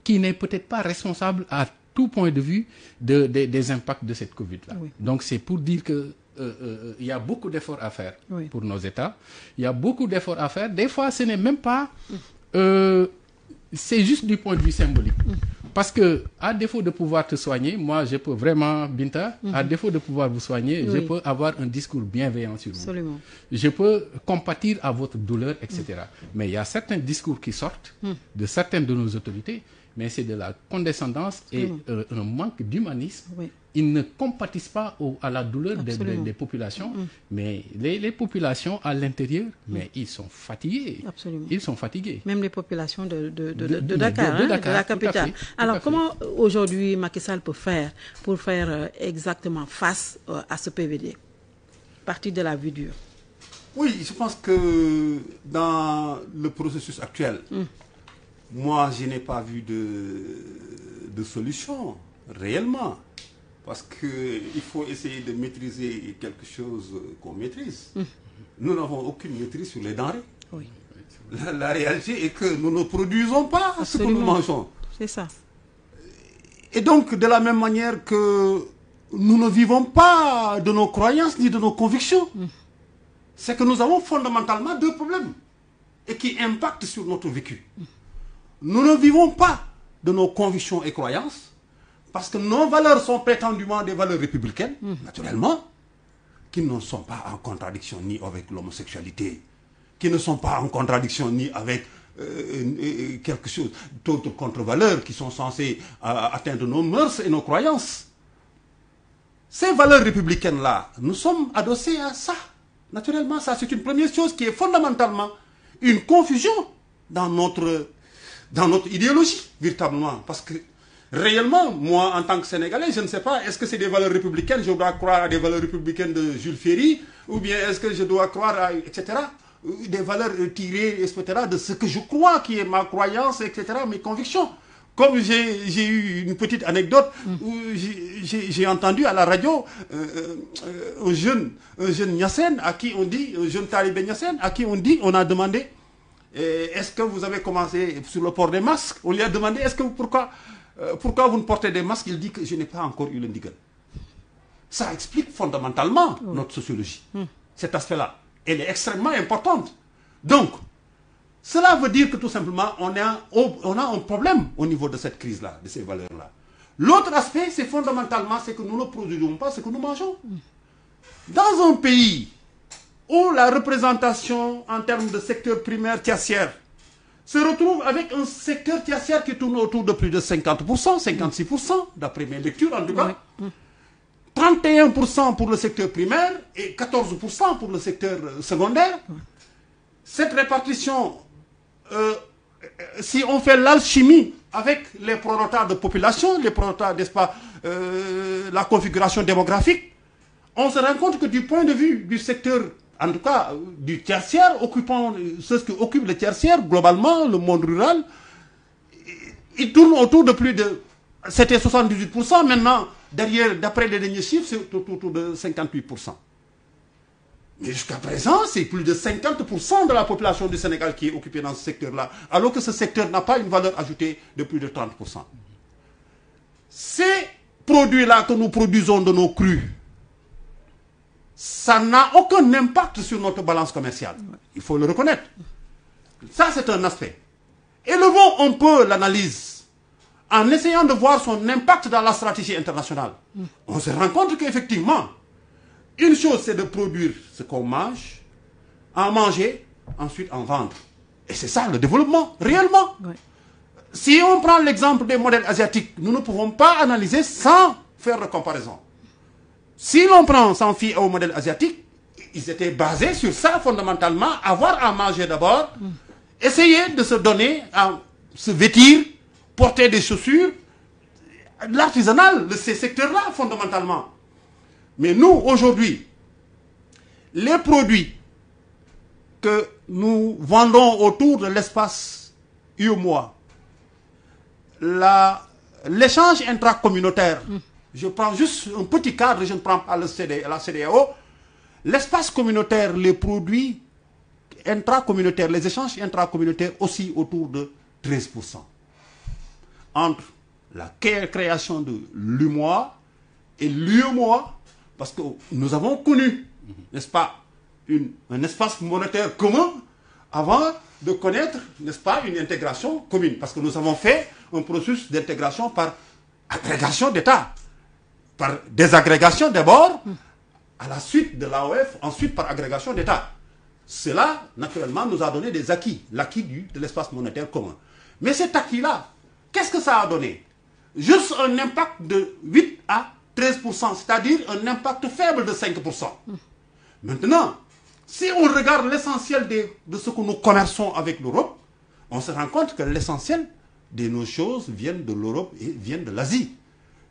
qui n'est peut-être pas responsable à tout point de vue des impacts de cette Covid-là. Donc c'est pour dire qu'il euh, euh, y a beaucoup d'efforts à faire pour nos États. Il y a beaucoup d'efforts à faire. Des fois, ce n'est même pas... Hmm. Euh, c'est juste du point de vue symbolique. Hmm. Parce que, à défaut de pouvoir te soigner, moi, je peux vraiment, Binta, à mhm. défaut de pouvoir vous soigner, je peux avoir un discours bienveillant sur Absolument. vous. Je peux compatir à votre douleur, etc. Mhm. Mais il y a certains discours qui sortent mhm. de certaines de nos autorités, mais c'est de la condescendance et euh, un manque d'humanisme oui ils ne compatissent pas à la douleur des, populations, mm. mais les, populations à l'intérieur, mm. mais ils sont fatigués. Absolument. Ils sont fatigués. Même les populations de, Dakar, de, la capitale. Alors comment aujourd'hui Macky Sall peut faire pour faire euh, exactement face euh, à ce PVD Partie de la vie dure. Oui, je pense que dans le processus actuel, mm. moi je n'ai pas vu de solution réellement parce qu'il faut essayer de maîtriser quelque chose qu'on maîtrise. Hum. Nous n'avons aucune maîtrise sur les denrées. La, réalité est que nous ne produisons pas ce que nous mangeons. C'est ça. Et donc, de la même manière que nous ne vivons pas de nos croyances ni de nos convictions, hum. c'est que nous avons fondamentalement deux problèmes et qui impactent sur notre vécu. Hum. Nous ne vivons pas de nos convictions et croyances, parce que nos valeurs sont prétendument des valeurs républicaines, mhm. naturellement, qui ne sont pas en contradiction ni avec l'homosexualité, qui ne sont pas en contradiction ni avec euh, euh, quelque chose d'autres contre-valeurs qui sont censées euh, atteindre nos mœurs et nos croyances. Ces valeurs républicaines-là, nous sommes adossés à ça. Naturellement, ça, c'est une première chose qui est fondamentalement une confusion dans notre, dans notre idéologie, véritablement. Parce que Réellement, moi, en tant que Sénégalais, je ne sais pas, est-ce que c'est des valeurs républicaines, je dois croire à des valeurs républicaines de Jules Ferry, ou bien est-ce que je dois croire à... etc. Des valeurs tirées, etc., de ce que je crois, qui est ma croyance, etc., mes convictions. Comme j'ai eu une petite anecdote, mm. où j'ai entendu à la radio euh, euh, un jeune, un jeune à qui on dit, un jeune talibé Yassen, à qui on dit, on a demandé, eh, est-ce que vous avez commencé sur le port des masques On lui a demandé, est-ce que vous, pourquoi euh, pourquoi vous ne portez des masques Il dit que je n'ai pas encore eu le Ça explique fondamentalement notre sociologie. Cet aspect-là, elle est extrêmement importante. Donc, cela veut dire que tout simplement, on a, on a un problème au niveau de cette crise-là, de ces valeurs-là. L'autre aspect, c'est fondamentalement, c'est que nous ne produisons pas ce que nous mangeons. Dans un pays où la représentation en termes de secteur primaire, tertiaire, se retrouve avec un secteur tertiaire qui tourne autour de plus de 50%, 56%, d'après mes lectures en tout cas. 31% pour le secteur primaire et 14% pour le secteur euh, secondaire. Cette répartition, euh, euh, si on fait l'alchimie avec les prorotats de population, les n'est-ce pas, la configuration démographique, on se rend compte que du point de vue du secteur en tout cas, du tertiaire, occupant ce qui occupe le tertiaire, globalement, le monde rural, il tourne autour de plus de... C'était 78%, maintenant, derrière, d'après les derniers chiffres, c'est autour de 58%. Mais jusqu'à présent, c'est plus de 50% de la population du Sénégal qui est occupée dans ce secteur-là, alors que ce secteur n'a pas une valeur ajoutée de plus de 30%. Ces produits-là que nous produisons de nos crues, ça n'a aucun impact sur notre balance commerciale. Il faut le reconnaître. Ça, c'est un aspect. Élevons un peu l'analyse en essayant de voir son impact dans la stratégie internationale. On se rend compte qu'effectivement, une chose, c'est de produire ce qu'on mange, en manger, ensuite en vendre. Et c'est ça le développement, réellement. Si on prend l'exemple des modèles asiatiques, nous ne pouvons pas analyser sans faire de comparaison. Si l'on prend sans fil au modèle asiatique, ils étaient basés sur ça fondamentalement, avoir à manger d'abord, essayer de se donner à se vêtir, porter des chaussures, l'artisanal de ces secteurs-là fondamentalement. Mais nous, aujourd'hui, les produits que nous vendons autour de l'espace UMOA, l'échange intracommunautaire, je prends juste un petit cadre, je ne prends pas la CDAO, e l'espace communautaire, les produits intracommunautaires, les échanges intracommunautaires aussi autour de 13%. Entre la création de l'UMOA et l'UMOA, parce que nous avons connu, n'est-ce pas, un espace monétaire commun avant de connaître, n'est-ce pas, une intégration commune. Parce que nous avons fait un processus d'intégration par agrégation d'État par désagrégation d'abord, à la suite de l'AOF, ensuite par agrégation d'État. Cela, naturellement, nous a donné des acquis, l'acquis de l'espace monétaire commun. Mais cet acquis-là, qu'est-ce que ça a donné Juste un impact de 8 à 13%, c'est-à-dire un impact faible de 5%. Maintenant, si on regarde l'essentiel de, ce que nous commerçons avec l'Europe, on se rend compte que l'essentiel de nos choses viennent de l'Europe et viennent de l'Asie.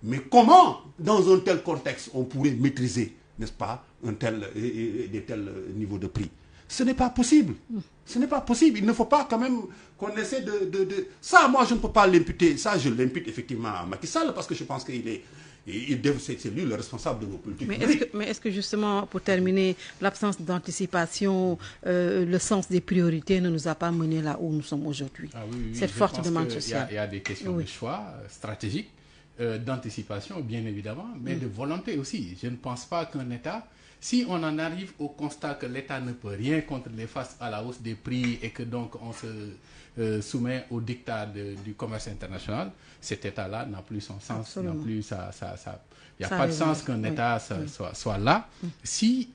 Mais comment, dans un tel contexte, on pourrait maîtriser, n'est-ce pas, un tel, des tels euh, niveaux de prix Ce n'est pas possible. Ce n'est pas possible. Il ne faut pas quand même qu'on essaie de, Ça, moi, je ne peux pas l'imputer. Ça, je l'impute effectivement à Macky Sall parce que je pense qu'il est... Il, c'est lui le responsable de nos politiques. Mais est-ce que, justement, pour terminer, l'absence d'anticipation, euh, le sens des priorités ne nous a pas menés là où nous sommes aujourd'hui ah Cette forte demande sociale. Il y, a des questions de choix euh, stratégiques euh, d'anticipation, bien évidemment, mais mm. de volonté aussi. Je ne pense pas qu'un État, si on en arrive au constat que l'État ne peut rien contre les faces à la hausse des prix et que donc on se euh, soumet au dictat du commerce international, cet État-là n'a plus son sens, n'a plus sa... il n'y a pas de sens qu'un État Soit, là. s'il mm. Si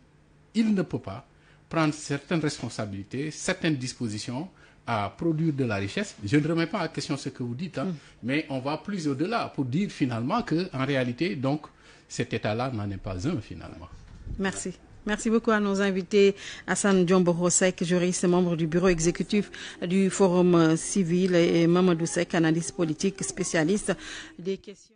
il ne peut pas prendre certaines responsabilités, certaines dispositions à produire de la richesse. Je ne remets pas en question ce que vous dites, hein, mm. mais on va plus au-delà pour dire finalement que, en réalité, donc, cet État-là n'en est pas un finalement. Merci. Merci beaucoup à nos invités. Hassan Djombo-Rosek, juriste, membre du bureau exécutif du Forum civil, et Mamadou Sek, analyste politique, spécialiste des questions.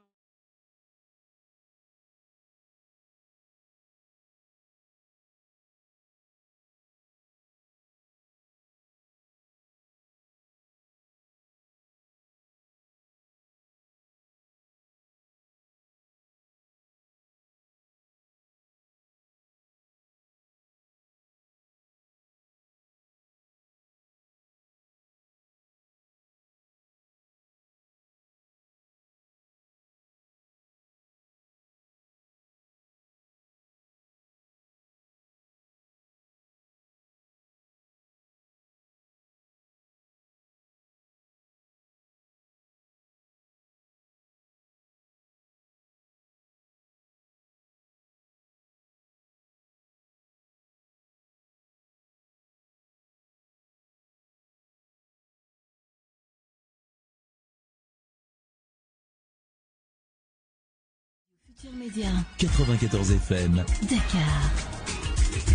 Média 94 FM Dakar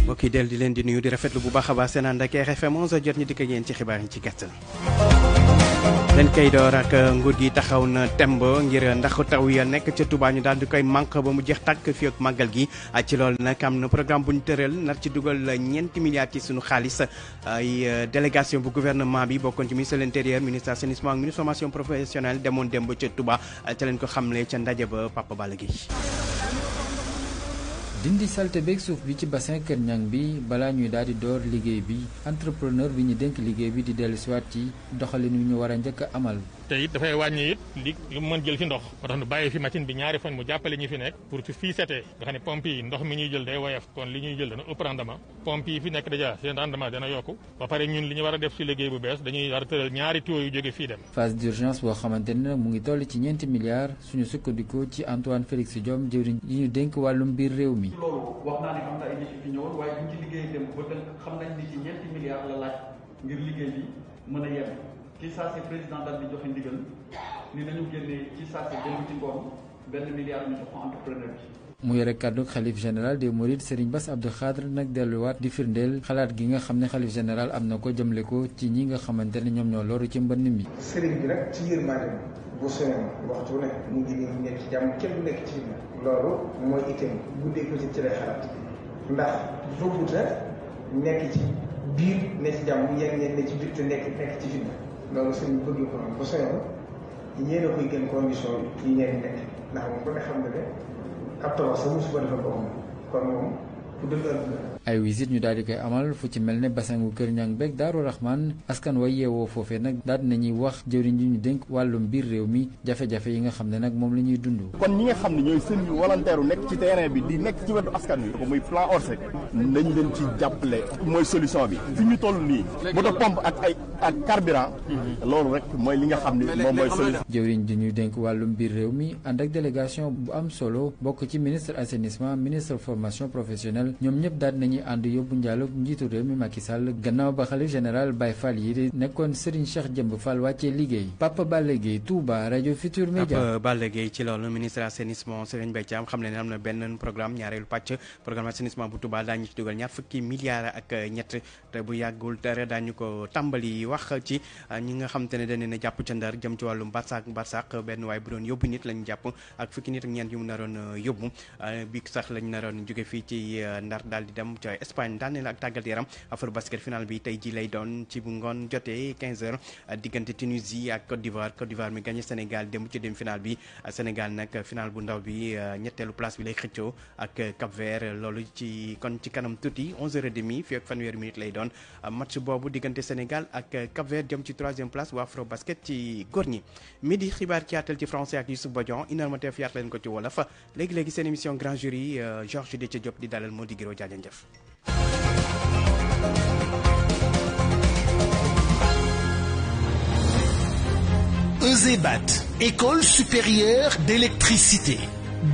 mbokk yi del di leen di nuyu di rafetlu bu baax a baax seen ànd ak RFM 11 jot ñu dikk ak yéen ci xibaar yi ci gàttal dañ koy door ak nguur gi taxaw na eh, temb ngir eh, ndaxu taw ya nekk ca tubaañu daal di koy manq ba mu jeex tàkk fi ak màggal gi ci loolu nag am na programme bu ñu tëral nar ci dugal ñeenti eh, milliards ci sunu xaalis ay délégation bu gouvernement bi bokkoon ci ministre intérieur ministre assainissement ak formation professionnelle demoon démb ca tuba ca leen ko xamle ca ndaje ba papa bàll dindi salte beeg suuf bi ci bassin Kër ñan bi balaa ñuy daal di door liggéey bi entrepreneur bi ñu dénk liggéey bi di dellusiwaat ci doxalin wi ñu war a njëkk a amal. te it dafay wàññi it li li mu mën jël ci ndox moo tax nu bàyyi fi machine bi ñaari fan mu jàppale ñi fi nekk pour su fii setee nga xam ne pompe yi ndox mi ñuy jël day woyof kon li ñuy jël dana ëpp rendement pompe yi fi nekk déjà seen rendement dana yokku ba pare ñun li ñu war a def ci liggéey bu bees dañuy war a tëral ñaari tuyaux jóge fii dem phase d'urgence boo xamante ne mu ngi toll ci ñeenti milliards suñu sukkandiku ci Antoine Félix Diome jëwriñ yi ci saa si président dal di joxe ni nañu génnee ci saa si jënd ci ngoon benn milliard ñu jox ko entrepreneur bi. mu yore kàddu xalif général des Mourides Serigne Bass Abdou Khadre nag delluwaat di firndeel xalaat gi nga xam ne xalif général am na ko jëmle ko ci ñi nga xamante ne ñoom ñoo loru ci mbënn mi. Serigne bi nag ci yërmande bu soñoon waxtu ne mu ngi nekk ci jàmm kenn nekk ci biir. loolu mooy itam guddee ko ci lay xalaat ndax bëgguta loolu sëñ bi bëgg ko woon bu soyoon yéen a koy gën condition yi ñeen nekk ndax moom ku ne xam ne ne ab tabax sa musu ko defal boppam kon moom ku dëgg àdduna ay visite ñu daal di koy amal fu ci mel ni basangu kër ñang beeg daaru raxmaan askan way yeewoo foofee nag daal dinañuy wax jëwriñ ji ñu dénk wàllum biir réew mi jafe yi nga xam ne nag moom la ñuy dund kon ñi nga xam ne ñooy seen yu volontaire ci terrain bi di nekk ci wetu askan wi ko muy plan Orsec nañ ci jàppale mooy solution bi fi ñu toll nii moto pompe ak ay ak carburant loolu rek mooy li nga xam ne moom mooy solution jëwriñ ji ñu dénk wàllum biir réew mi ànd ak délégation bu am solo bokk ci ministre assainissement ministre formation professionnelle ñoom ñëpp daal ñi ànd yóbbu njaalug njiitu réew mi Macky Sall gannaaw ba xale général Baye Fall yi di nekkoon Serigne Cheikh Diamb Fall wàccee liggéey. Papa Balla Gueye Touba radio futur Media. Papa Balla Gueye ci loolu ministre assainissement Serigne Bethiam xam ne am na benn programme ñaareelu pàcc programme assainissement bu Touba daa ñu ci dugal ñaar fukki milliards ak ñett te bu yàggul tere daa ñu ko tàmbali wax ci ñi nga xam te ne dañ leen jàpp ca ndar jëm ci wàllum barsaak barsaak benn waaye bu doon yóbbu nit lañ jàpp ak fukki nit ak ñeent yu mu naroon yóbbu bi sax lañ naroon jóge fii ci ndar daal di dem ca Espagne daaneel ak tàggat yaram Afrobasket final bi tey ji lay doon ci bu ngoon jotee 15h euh, diggante Tunisie ak Côte d'Ivoire Côte d'Ivoire mi gagné Sénégal dem ci dem final bi euh, Sénégal nag final bu ndaw bi euh, ñetteelu place bi lay xëccoo ak Cap Vert loolu ci kon ci kanam tuuti 11h30 fii ak fanweeri minute lay doon match boobu diggante Sénégal ak Cap Vert jëm ci troisième place afro Afrobasket ci góor ñi midi xibaar ci yaatal ci français ak Youssouf Bodian inormatif yaat leen ko ci wolof léegi-léegi seen émission grand jury Georges Déthié Diop di dalal modi di gëroo jaajëf EZBAT, École supérieure d'électricité,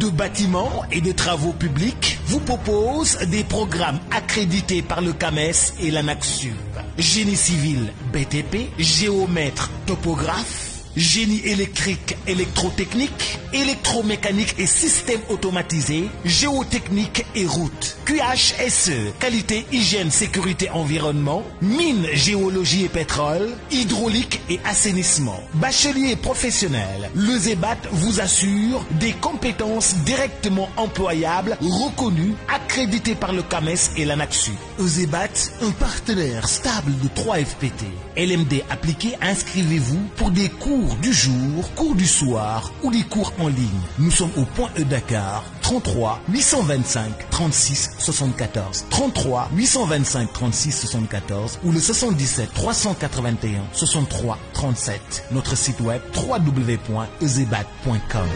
de bâtiments et de travaux publics, vous propose des programmes accrédités par le CAMES et l'ANAXUB Génie civil, BTP, géomètre, topographe, génie électrique, électrotechnique, électromécanique et système automatisé, géotechnique et route. QHSE, qualité, hygiène, sécurité, environnement, mine, géologie et pétrole, hydraulique et assainissement. Bachelier professionnel, le ZEBAT vous assure des compétences directement employables, reconnues, accréditées par le CAMES et l'Anaxu. ZEBAT un partenaire stable de 3FPT. LMD appliqué, inscrivez-vous pour des cours cours du jour, cours du soir ou les cours en ligne. Nous sommes au point E Dakar, 33 825 36 74. 33 825 36 74 ou le 77 381 63 37. Notre site web www.ezebat.com.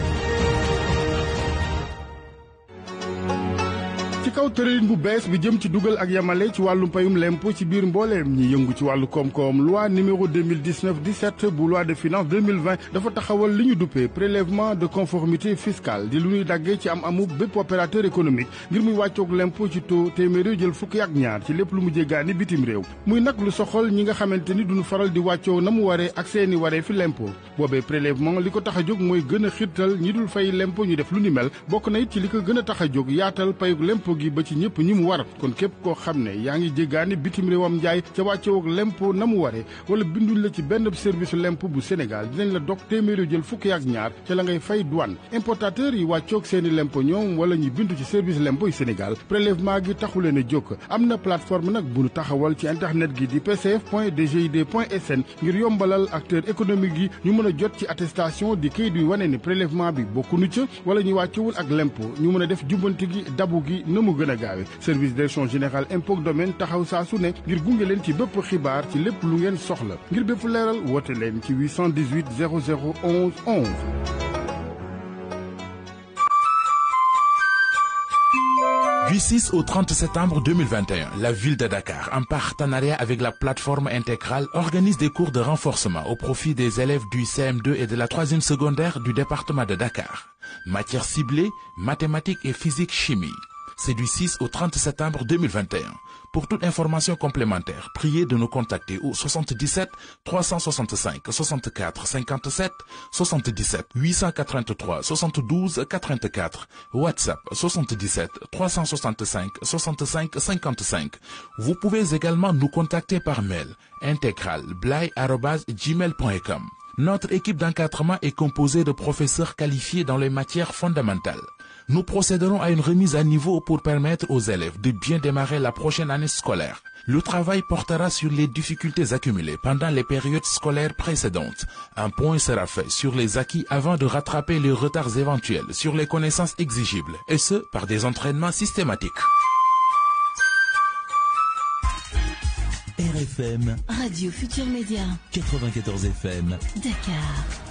ci kaw tëralin bu bees bi jëm ci dugal ak yamale ci wàllu payum lemp ci biir mbooleem ñi yëngu ci wàllu koom-koom loi numéro 2019 17 bu loi de finance 2020 dafa taxawal li ñu duppee prélèvement de conformité fiscale di lu ñuy daggee ci am amu bépp opérateur économique ngir muy wàccoog lemp ci taux téeméeri jël fukki ak ñaar ci lépp lu mu jéggaani bitim réew muy nag lu soxol ñi nga xamante ni duñu faral di wàccoo na mu waree ak seeni waree fi lemp boobee prélèvement li ko tax a jóg mooy gën a xirtal ñi dul fay lemp ñu def lu ni mel bokk na ci li ko gën a tax a jóg yaatal payug lemp gi ba ci ñëpp ñi mu war kon képp koo xam ne yaa ngi jéggaani bitim réewam njaay ca wàccewoog lempo na mu ware wala binduñ la ci benn service lemp bu Sénégal dinañ la dog téeméeri jël fukki ak ñaar ca la ngay fay douane importateur yi wàccoog seeni lempo ñoom wala ñi bindu ci service lempo yu Sénégal prélèvement gi taxu leen a jóg am na plateforme nag bu nu taxawal ci internet gi di pcf point dgid point sn ngir yombalal acteur économique yi ñu mën a jot ci attestation di kayit yu wane ni prélèvement bi bokku nu ca wala ñu wàccewul ak lempo ñu mën a def jubbanti gi service direction générale impôt domaine taxaw sa su ne ngir gungé len ci bëpp xibaar ci lépp lu ngeen soxla ngir bépp léral woté len ci 818 0011 11 6 au 30 septembre 2021, la ville de Dakar, en partenariat avec la plateforme intégrale, organise des cours de renforcement au profit des élèves du CM2 et de la 3e secondaire du département de Dakar. Matières ciblées, mathématiques et physique-chimie. C'est du 6 au 30 septembre 2021. Pour toute information complémentaire, priez de nous contacter au 77 365 64 57 77 883 72 84 WhatsApp 77 365 65 55. Vous pouvez également nous contacter par mail intégralblay@gmail.com. Notre équipe d'encadrement est composée de professeurs qualifiés dans les matières fondamentales. Nous procéderons à une remise à niveau pour permettre aux élèves de bien démarrer la prochaine année scolaire. Le travail portera sur les difficultés accumulées pendant les périodes scolaires précédentes. Un point sera fait sur les acquis avant de rattraper les retards éventuels sur les connaissances exigibles, et ce, par des entraînements systématiques. RFM, Radio Futur Média, 94 FM, Dakar.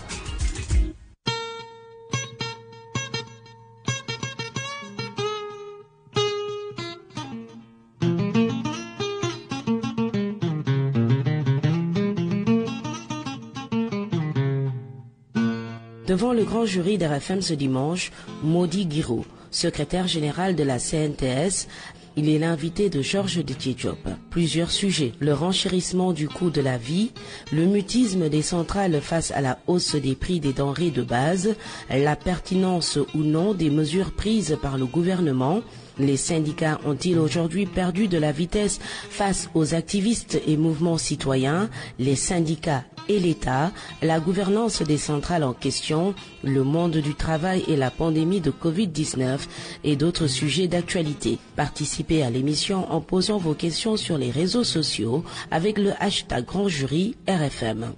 Devant le grand jury d'RFM ce dimanche, Maudit Guiraud, secrétaire général de la CNTS, il est l'invité de Georges Job. Plusieurs sujets, le renchérissement du coût de la vie, le mutisme des centrales face à la hausse des prix des denrées de base, la pertinence ou non des mesures prises par le gouvernement, les syndicats ont-ils aujourd'hui perdu de la vitesse face aux activistes et mouvements citoyens Les syndicats et l'État, la gouvernance des centrales en question, le monde du travail et la pandémie de Covid-19 et d'autres sujets d'actualité. Participez à l'émission en posant vos questions sur les réseaux sociaux avec le hashtag Grand Jury RFM.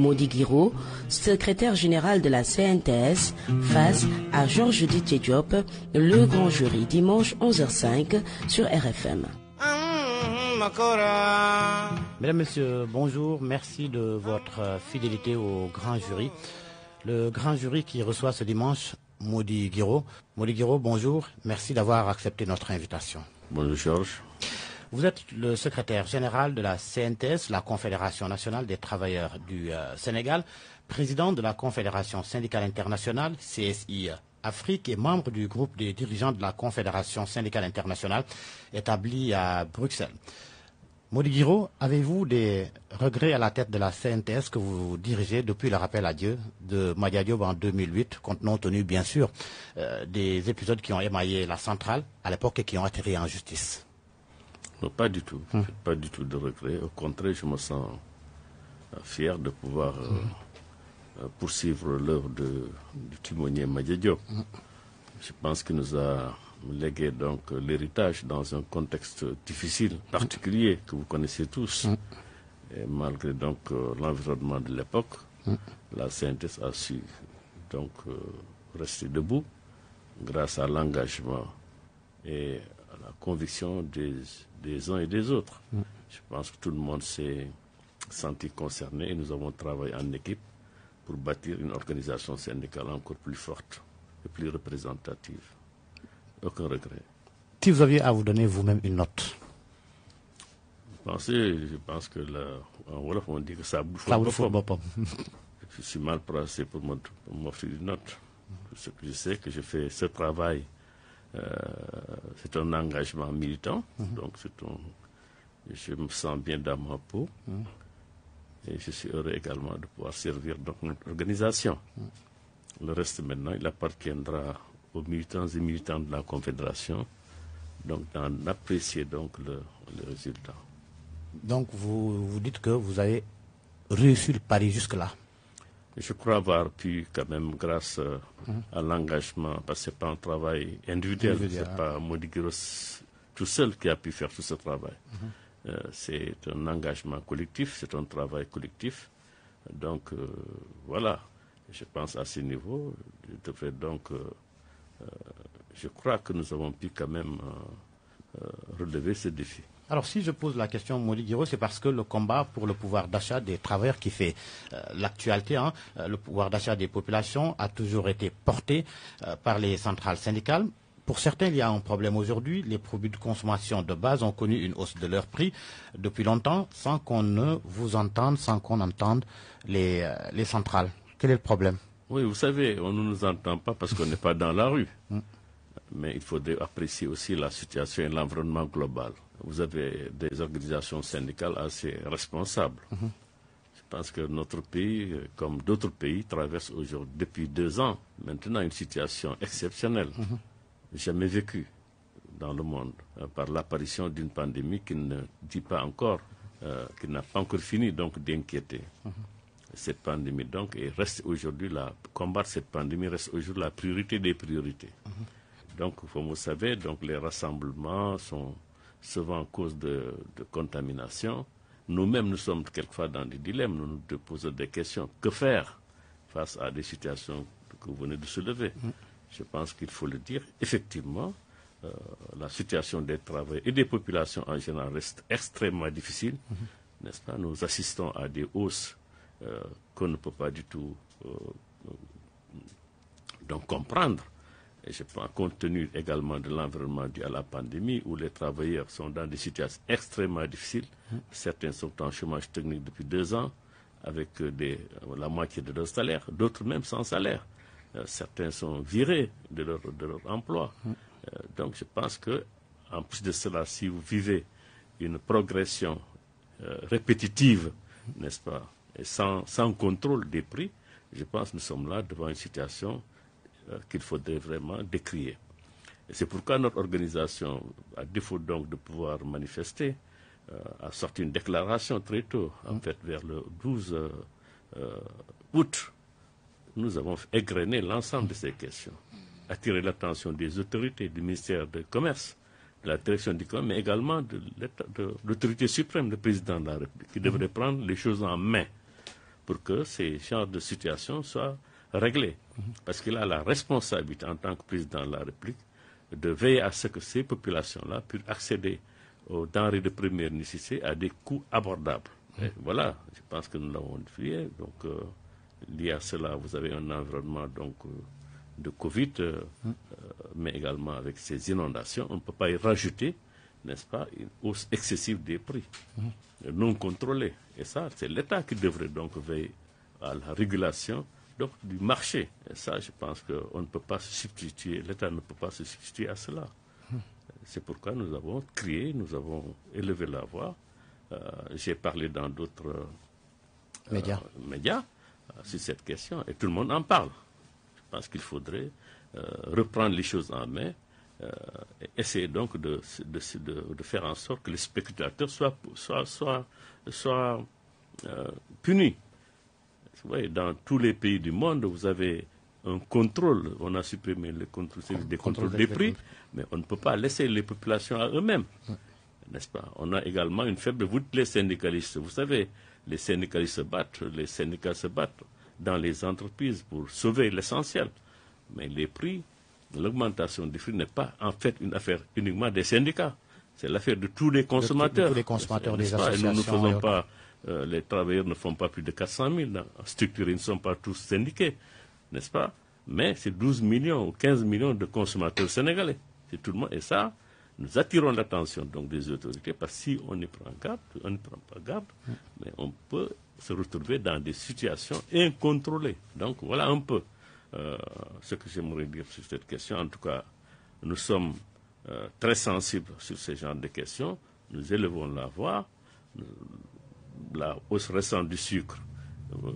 Maudit Guiraud, secrétaire général de la CNTS, face à Georges Didier le grand jury, dimanche 11h05 sur RFM. Mesdames, Messieurs, bonjour. Merci de votre euh, fidélité au grand jury. Le grand jury qui reçoit ce dimanche Maudit Guiraud. Maudit Guiraud, bonjour. Merci d'avoir accepté notre invitation. Bonjour Georges. Vous êtes le secrétaire général de la CNTS, la Confédération nationale des travailleurs du euh, Sénégal, président de la Confédération syndicale internationale, CSI Afrique, et membre du groupe des dirigeants de la Confédération syndicale internationale établie à Bruxelles. Maudit avez-vous des regrets à la tête de la CNTS que vous dirigez depuis le rappel à Dieu de Madia en 2008, compte tenu bien sûr euh, des épisodes qui ont émaillé la centrale à l'époque et qui ont atterri en justice non, pas du tout. Hmm. Pas du tout de regret. Au contraire, je me sens euh, fier de pouvoir euh, hmm. euh, poursuivre l'œuvre du timonier Majedio. Hmm. Je pense qu'il nous a légué donc l'héritage dans un contexte difficile, particulier, que vous connaissez tous. Et malgré donc l'environnement de l'époque, la synthèse a su donc rester debout grâce à l'engagement et à la conviction des des uns et des autres. Mm. Je pense que tout le monde s'est senti concerné et nous avons travaillé en équipe pour bâtir une organisation syndicale encore plus forte et plus représentative. Aucun regret. Si vous aviez à vous donner vous-même une note je pense que là, on dit que ça bouffe ça Je suis mal placé pour m'offrir une note. Je sais que je fais ce travail euh, c'est un engagement militant, mhm. donc je me sens bien dans ma peau. Mhm. Et je suis heureux également de pouvoir servir donc notre organisation. Mhm. Le reste maintenant, il appartiendra aux militants et militants de la Confédération donc d'en apprécier donc le, résultat. Donc vous, vous dites que vous avez réussi le pari jusque-là je crois avoir pu quand même, grâce euh, à l'engagement, parce que ce n'est pas un travail individuel, ce n'est hein. pas Modigiros tout seul qui a pu faire tout ce travail. Mm-hmm. Euh, c'est un engagement collectif, c'est un travail collectif. Donc euh, voilà, je pense à ce niveau, je donc, je crois que nous avons pu quand même relever ce défi. Alors si je pose la question Maudit c'est parce que le combat pour le pouvoir d'achat des travailleurs qui fait euh, l'actualité, hein, euh, le pouvoir d'achat des populations a toujours été porté euh, par les centrales syndicales. Pour certains, il y a un problème aujourd'hui. Les produits de consommation de base ont connu une hausse de leur prix depuis longtemps sans qu'on ne vous entende, sans qu'on entende les centrales. Quel est le problème Oui, vous savez, on ne nous entend pas parce qu'on n'est pas dans la rue. Hum mais il faut apprécier aussi la situation et l'environnement global. Vous avez des organisations syndicales assez responsables. Mhm. Je pense que notre pays, comme d'autres pays, traverse aujourd'hui, depuis deux ans maintenant, une situation exceptionnelle, mhm. jamais vécue dans le monde, euh, par l'apparition d'une pandémie qui ne dit pas encore, euh, qui n'a pas encore fini donc d'inquiéter. Mhm. cette pandémie. Donc, et reste aujourd'hui la combattre cette pandémie reste aujourd'hui la priorité des priorités. Donc, comme vous savez, donc, les rassemblements sont souvent cause de, contamination. Nous-mêmes, nous sommes quelquefois dans des dilemmes. Nous nous posons des questions. Que faire face à des situations que vous venez de soulever mm. Je pense qu'il faut le dire. Effectivement, euh, la situation des travailleurs et des populations en général reste extrêmement difficile. Mm-hmm. N'est-ce pas Nous assistons à des hausses euh, qu'on ne peut pas du tout euh, donc comprendre et je pense, compte tenu également de l'environnement dû à la pandémie, où les travailleurs sont dans des situations extrêmement difficiles. Certains sont en chômage technique depuis deux ans, avec euh, euh, la moitié de leur salaire, d'autres même sans salaire. Euh, certains sont virés de leur, emploi. donc je pense que, en plus de cela, si vous vivez une progression répétitive, n'est-ce pas, et sans, sans contrôle des prix, je pense que nous sommes là devant une situation euh, qu'il faudrait vraiment décrier. C'est pourquoi notre organisation, à défaut donc de pouvoir manifester, euh, a sorti une déclaration très tôt, en mm. fait vers le 12 euh, août. Nous avons égrené l'ensemble de ces questions, attiré l'attention des autorités, du ministère du Commerce, de la direction du commerce, mais également de l'autorité suprême, le président de la République, qui devrait mm. prendre les choses en main pour que ces genres de situations soient Régler. Mm-hmm. Parce qu'il a la responsabilité en tant que président de la République de veiller à ce que ces populations-là puissent accéder aux denrées de première nécessité à des coûts abordables. Mm-hmm. voilà, je pense que nous l'avons dit. Donc, euh, lié à cela, vous avez un environnement donc, euh, de Covid, euh, mm-hmm. mais également avec ces inondations, on ne peut pas y rajouter, n'est-ce pas, une hausse excessive des prix, non contrôlée. Et ça, c'est l'État qui devrait donc veiller à la régulation donc du marché. Et ça, je pense qu'on ne peut pas se substituer, l'État ne peut pas se substituer à cela. C'est pourquoi nous avons crié, nous avons élevé la voix. Euh, j'ai parlé dans d'autres euh, médias, euh, sur cette question et tout le monde en parle. Je pense qu'il faudrait reprendre les choses en main et essayer donc de, de, de, faire en sorte que les spectateurs soient, soient punis dans tous les pays du monde, vous avez un contrôle. On a supprimé le contrôle, des contrôles des prix, mais on ne peut pas laisser les populations à eux-mêmes. N'est-ce pas On a également une faible voûte. Les syndicalistes, vous savez, les syndicalistes se battent, les syndicats se battent dans les entreprises pour sauver l'essentiel. Mais les prix, l'augmentation des prix n'est pas en fait une affaire uniquement des syndicats. C'est l'affaire de tous les consommateurs. les consommateurs, des ne pas euh, les travailleurs ne font pas plus de 400 000. ils ne sont pas tous syndiqués, n'est-ce pas Mais c'est 12 millions ou 15 millions de consommateurs sénégalais. C'est tout le monde. Et ça, nous attirons l'attention des autorités parce que si on n'y prend garde, on ne prend pas garde, mais on peut se retrouver dans des situations incontrôlées. Donc voilà un peu euh, ce que j'aimerais dire sur cette question. En tout cas, nous sommes euh, très sensibles sur ce genre de questions. Nous élevons la voix la hausse récente du sucre,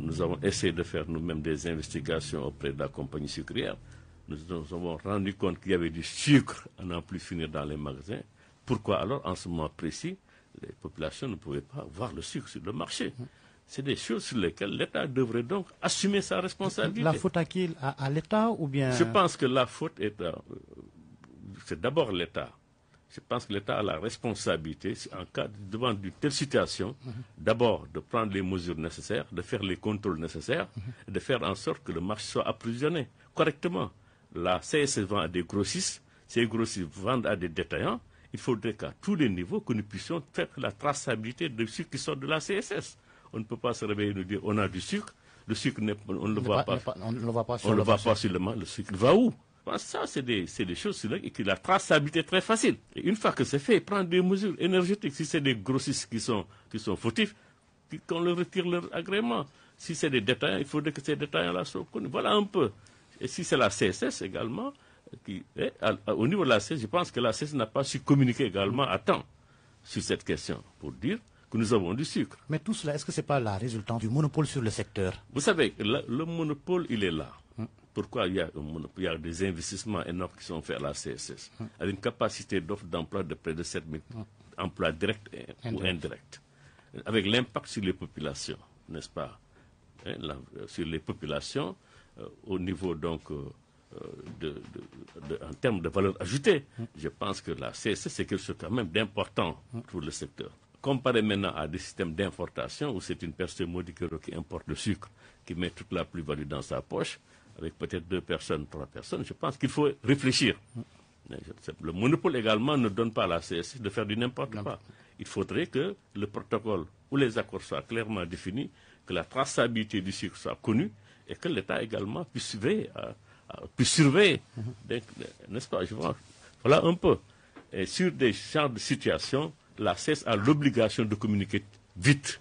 nous avons essayé de faire nous-mêmes des investigations auprès de la compagnie sucrière. Nous nous avons rendu compte qu'il y avait du sucre à n'en plus finir dans les magasins. Pourquoi alors, en ce moment précis, les populations ne pouvaient pas voir le sucre sur le marché c'est des choses sur lesquelles l'État devrait donc assumer sa responsabilité. La faute à qui à l'État ou bien Je pense que la faute est, c'est d'abord l'État je pense que l'État a la responsabilité, en cas de, devant d'une telle situation, d'abord de prendre les mesures nécessaires, de faire les contrôles nécessaires, de faire en sorte que le marché soit approvisionné correctement. La CSS vend à des grossistes, ces grossistes vendent à des détaillants. Il faudrait qu'à tous les niveaux, que nous puissions faire la traçabilité de sucre qui sort de la CSS. On ne peut pas se réveiller et nous dire on a du sucre, le sucre, on ne le voit pas. On ne le voit pas sur Le sucre va où ça, c'est des, choses qui et la traçabilité est très facile. une fois que c'est fait, prendre des mesures énergétiques. Si c'est des grossistes qui sont, fautifs, qu'on leur retire leur agrément. Si c'est des détaillants, il faudrait que ces détaillants-là soient connus. Voilà un peu. Et si c'est la CSS également, eh, euh, au niveau de la CSS, je pense que la CSS n'a pas su communiquer également à temps sur cette question pour dire que nous avons du sucre. Mais tout cela, est-ce que ce n'est pas la résultante du monopole sur le secteur Vous savez, le monopole, il est là pourquoi il y, a, des investissements énormes qui sont faits à la CSS, avec une capacité d'offre d'emploi de près de 7 000 emplois directs ou indirects, avec l'impact sur les populations, n'est-ce pas hein, euh, Sur les populations, euh, au niveau donc. Euh, en termes de valeur ajoutée, je pense que la CSS, c'est quelque chose quand même d'important pour le secteur. Comparé maintenant à des systèmes d'importation où c'est une personne modique qui importe le sucre, qui met toute la plus-value dans sa poche, avec peut-être deux personnes, trois personnes, je pense qu'il faut réfléchir. Le monopole également ne donne pas à la CSC de faire du n'importe quoi. Il faudrait que le protocole ou les accords soient clairement définis, que la traçabilité du cycle soit connue et que l'État également puisse surveiller, mhm. n'est-ce pas Voilà un peu. Et sur des genres de situation, la CES a l'obligation de communiquer vite,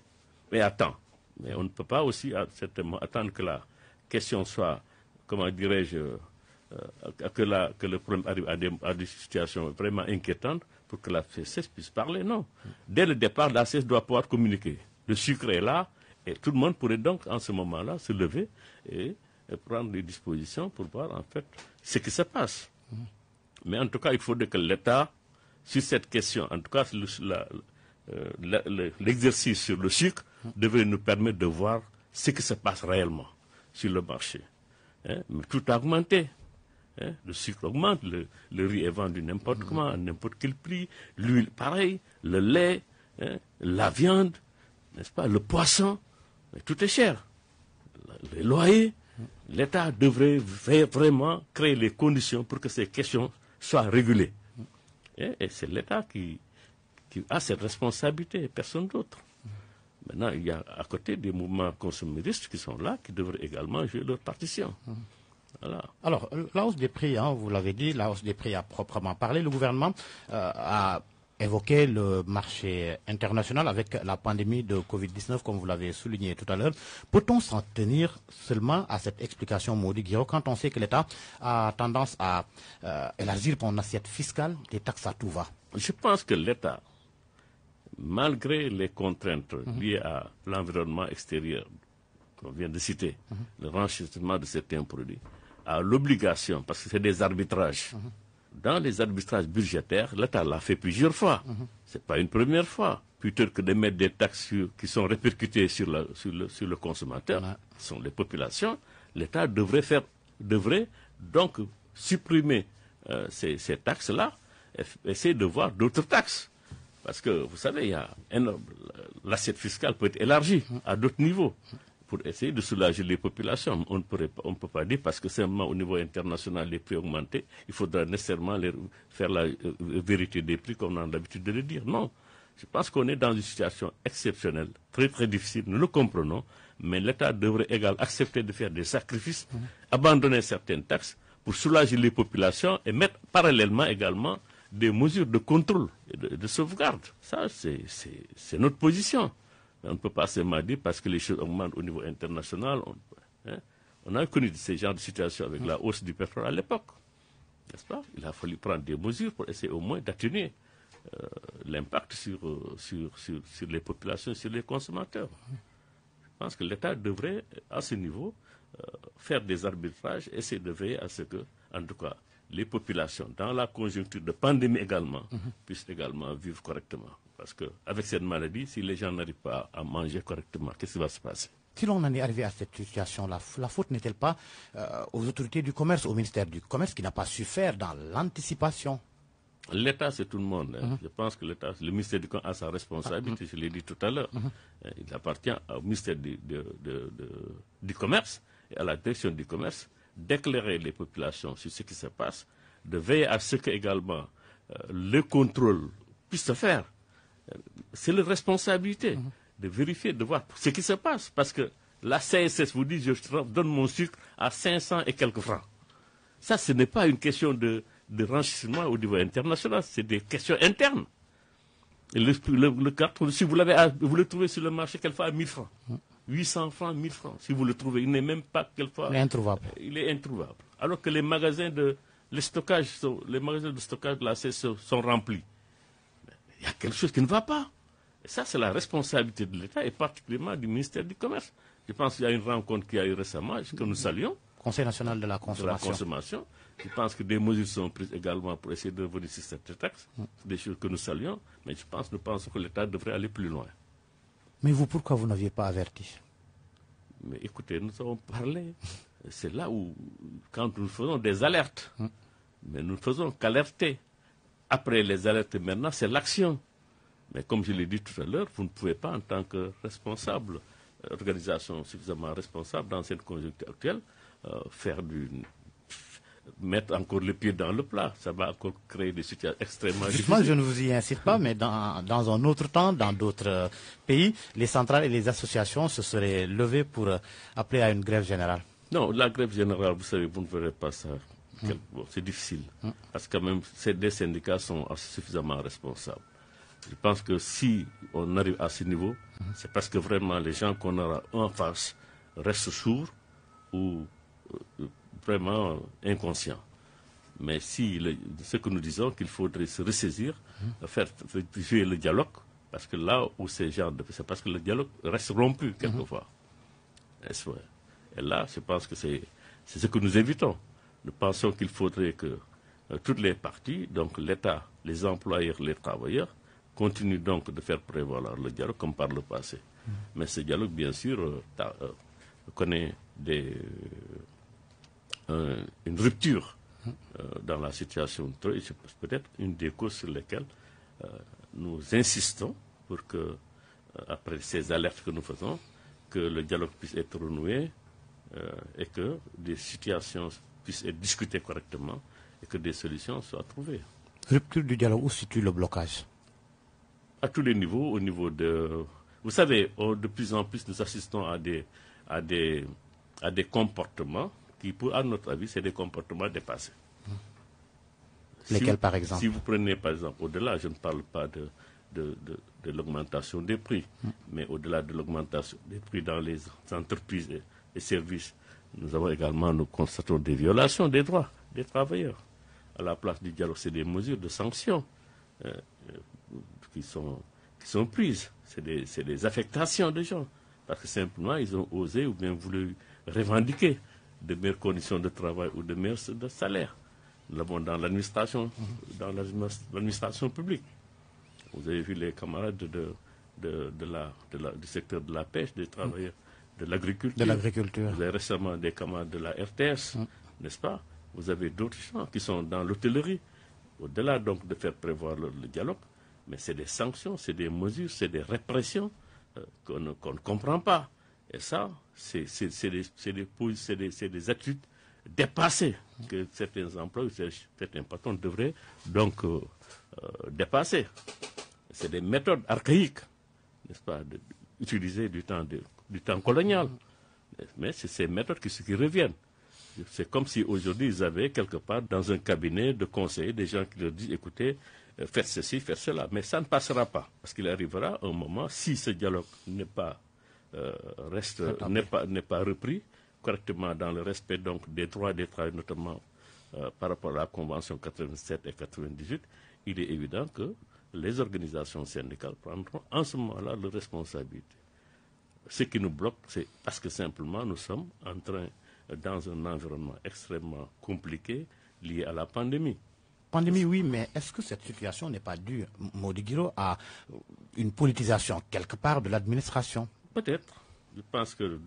mais à temps. Mais on ne peut pas aussi attendre que la question soit comment dirais-je, euh, que, le problème arrive à des, situations vraiment inquiétantes pour que la CES e puisse parler. Non. Dès le départ, la CES e doit pouvoir communiquer. Le sucre est là et tout le monde pourrait donc, en ce moment-là, se lever et, prendre des dispositions pour voir, en fait, ce qui se passe. Mais en tout cas, il faudrait que l'État, sur cette question, en tout cas, euh, l'exercice sur le sucre devrait nous permettre de voir ce qui se passe réellement sur le marché. Mais hein? tout a augmenté. Hein? le sucre augmente, le, riz est vendu n'importe comment, à n'importe quel prix, l'huile pareil, le lait, hein? la viande, n'est-ce pas, le poisson, tout est cher. Les loyers, l'État devrait vraiment créer les conditions pour que ces questions soient régulées. Et, c'est l'État qui, qui a cette responsabilité et personne d'autre. Maintenant, il y a à côté des mouvements consuméristes qui sont là, qui devraient également jouer leur partition. Hum. Voilà. Alors, euh, la hausse des prix, hein, vous l'avez dit, la hausse des prix à proprement parler, le gouvernement euh, a évoqué le marché international avec la pandémie de Covid-19, comme vous l'avez souligné tout à l'heure. Peut-on s'en tenir seulement à cette explication, maudite quand on sait que l'État a tendance à euh, élargir son assiette fiscale des taxes à tout va Je pense que l'État malgré les contraintes mhm. liées à l'environnement extérieur qu'on vient de citer, mhm. le renchissement de certains produits, à l'obligation, parce que c'est des arbitrages. Mhm. Dans les arbitrages budgétaires, l'État l'a fait plusieurs fois. Ce n'est pas une première fois. Plutôt que de mettre des taxes qui sont répercutées sur, le, consommateur, sur sont les populations, l'État devrait, faire, devrait donc supprimer euh, ces, ces taxes-là et essayer de voir d'autres taxes parce que, vous savez, y l'assiette fiscale peut être élargie à d'autres niveaux pour essayer de soulager les populations. On ne peut pas dire parce que seulement au niveau international les prix ont il faudra nécessairement faire la euh, vérité des prix comme on a l'habitude de le dire. Non, je pense qu'on est dans une situation exceptionnelle, très très difficile, nous le comprenons, mais l'État devrait également accepter de faire des sacrifices, mmh. abandonner certaines taxes pour soulager les populations et mettre parallèlement également des mesures de contrôle et de, sauvegarde. Ça, c'est notre position. on ne peut pas se dire parce que les choses augmentent au niveau international. On, hein? a connu ce genre de situation avec la hausse du pétrole à l'époque. N'est-ce pas Il a fallu prendre des mesures pour essayer au moins d'atténuer euh, l'impact euh, sur, sur, sur, les populations, sur les consommateurs. Je pense que l'État devrait, à ce niveau, euh, faire des arbitrages, essayer de veiller à ce que, en tout cas, les populations, dans la conjoncture de pandémie également, mhm. puissent également vivre correctement. Parce qu'avec cette maladie, si les gens n'arrivent pas à manger correctement, qu'est-ce qui va se passer si l'on en est arrivé à cette situation, la, faute n'est-elle pas euh, aux autorités du commerce, au ministère du commerce, qui n'a pas su faire dans l'anticipation L'État, c'est tout le monde. Hein. Mhm. Je pense que l'État, le ministère du Commerce a sa responsabilité, ah, je mhm. l'ai dit tout à l'heure. Euh, il appartient au ministère du Commerce et à la direction du Commerce d'éclairer les populations sur ce qui se passe, de veiller à ce que également euh, le contrôle puisse se faire. Euh, c'est la responsabilité mhm. de vérifier, de voir ce qui se passe. Parce que la CSS vous dit, je donne mon sucre à 500 et quelques francs. Ça, ce n'est pas une question de, de renchissement au niveau international, c'est des questions internes. le, carton, si vous l'avez, ah, vous le trouvez sur le marché quelquefois à 1000 francs. Mhm. 800 francs, 1000 francs. Si vous le trouvez, il n'est même pas quelquefois. Il est introuvable. Il est introuvable. Alors que les magasins de les les magasins de stockage de la CSE sont remplis. Il y a quelque chose qui ne va pas. Et ça, c'est la responsabilité de l'État et particulièrement du ministère du Commerce. Je pense qu'il y a une rencontre qui a eu récemment, que nous saluons. Conseil national de la consommation. la consommation. Je pense que des mesures sont prises également pour essayer de revenir cette taxe. Mm. C'est des choses que nous saluons, mais je pense, nous pensons que l'État devrait aller plus loin. Mais vous, pourquoi vous n'aviez pas averti Mais écoutez, nous avons parlé. C'est là où, quand nous faisons des alertes, hein mais nous ne faisons qu'alerter. Après les alertes, maintenant, c'est l'action. Mais comme je l'ai dit tout à l'heure, vous ne pouvez pas, en tant que responsable, euh, organisation suffisamment responsable dans cette conjoncture actuelle, euh, faire du mettre encore le pied dans le plat. Ça va encore créer des situations extrêmement Justement, difficiles. je ne vous y incite pas, mais dans, dans un autre temps, dans d'autres euh, pays, les centrales et les associations se seraient levées pour euh, appeler à une grève générale. Non, la grève générale, vous savez, vous ne verrez pas ça. Mm. c'est difficile, mm. parce que même ces deux syndicats sont suffisamment responsables. Je pense que si on arrive à ce niveau, mm. c'est parce que vraiment les gens qu'on aura en face restent sourds ou euh, vraiment euh, inconscient. Mais si ce que nous disons, qu'il faudrait se ressaisir, hum. faire jouer le dialogue, parce que là où ces gens, c'est parce que le dialogue reste rompu hum. quelquefois. vrai Et là, je pense que c'est ce que nous évitons. Nous pensons qu'il faudrait que euh, toutes les parties, donc l'État, les employeurs, les travailleurs, continuent donc de faire prévaloir le dialogue comme par le passé. Hum. Mais ce dialogue, bien sûr, euh, connaît des une rupture euh, dans la situation. C'est peut-être une des causes sur lesquelles euh, nous insistons pour que, euh, après ces alertes que nous faisons, que le dialogue puisse être renoué et que des situations puissent être discutées correctement et que des solutions soient trouvées. Rupture du dialogue, où situe le blocage À tous les niveaux, au niveau de... Vous savez, oh, de plus en plus, nous assistons à des, à des comportements qui, à notre avis, c'est des comportements dépassés. Hmm. Lesquels, par exemple Si vous prenez, par exemple, au-delà, je ne parle pas de, l'augmentation des prix, hmm. mais au-delà de l'augmentation des prix dans les entreprises et, services, nous avons également, nous constatons des violations des droits des travailleurs. À la place du dialogue, c'est des mesures de sanctions euh, euh, qui, sont, prises. C'est des, affectations des gens. Parce que simplement, ils ont osé ou bien voulu revendiquer de meilleures conditions de travail ou de meilleurs de salaires. Bon, dans l'administration, dans l'administration publique. Vous avez vu les camarades de, de, du secteur de la pêche, des travailleurs de l'agriculture. De l'agriculture. Vous avez récemment des camarades de la RTS, mm. n'est-ce pas Vous avez d'autres gens qui sont dans l'hôtellerie. Au-delà donc de faire prévoir le, dialogue, mais c'est des sanctions, c'est des mesures, c'est des répressions euh, qu'on ne comprend pas. Et ça, c'est des, des, des que certains emplois, certains patrons devraient donc euh, euh, dépasser. C'est des méthodes archaïques, n'est-ce pas, utilisées du temps, du temps colonial. Mais c'est ces méthodes qui, qui reviennent. C'est comme si aujourd'hui ils avaient quelque part dans un cabinet de conseillers des gens qui leur disent écoutez, euh, faites ceci, faites cela. Mais ça ne passera pas. Parce qu'il arrivera un moment, si ce dialogue n'est pas euh, reste n'est pas, repris correctement dans le respect donc des droits des travailleurs, notamment euh, par rapport à la Convention 87 et 98, il est évident que les organisations syndicales prendront en ce moment-là leurs responsabilités. Ce qui nous bloque, c'est parce que simplement nous sommes en train, euh, dans un environnement extrêmement compliqué lié à la pandémie. Pandémie, oui, mais est-ce que cette situation n'est pas due, Modigiro, à une politisation quelque part de l'administration Peut-être. Je pense que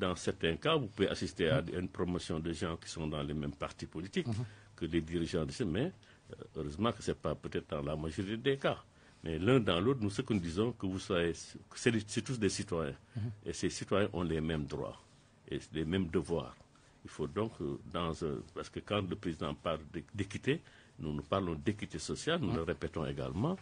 dans, certains cas, vous pouvez assister à une promotion de gens qui sont dans les mêmes partis politiques mhm. que les dirigeants de ces mais euh, heureusement que ce n'est pas peut-être dans la majorité des cas. Mais l'un dans l'autre, nous, ce que nous disons, que vous soyez, c'est tous des citoyens. Mhm. Et ces citoyens ont les mêmes droits et les mêmes devoirs. Il faut donc, euh, dans, parce que quand le président parle d'équité, nous nous parlons d'équité sociale, nous le répétons également,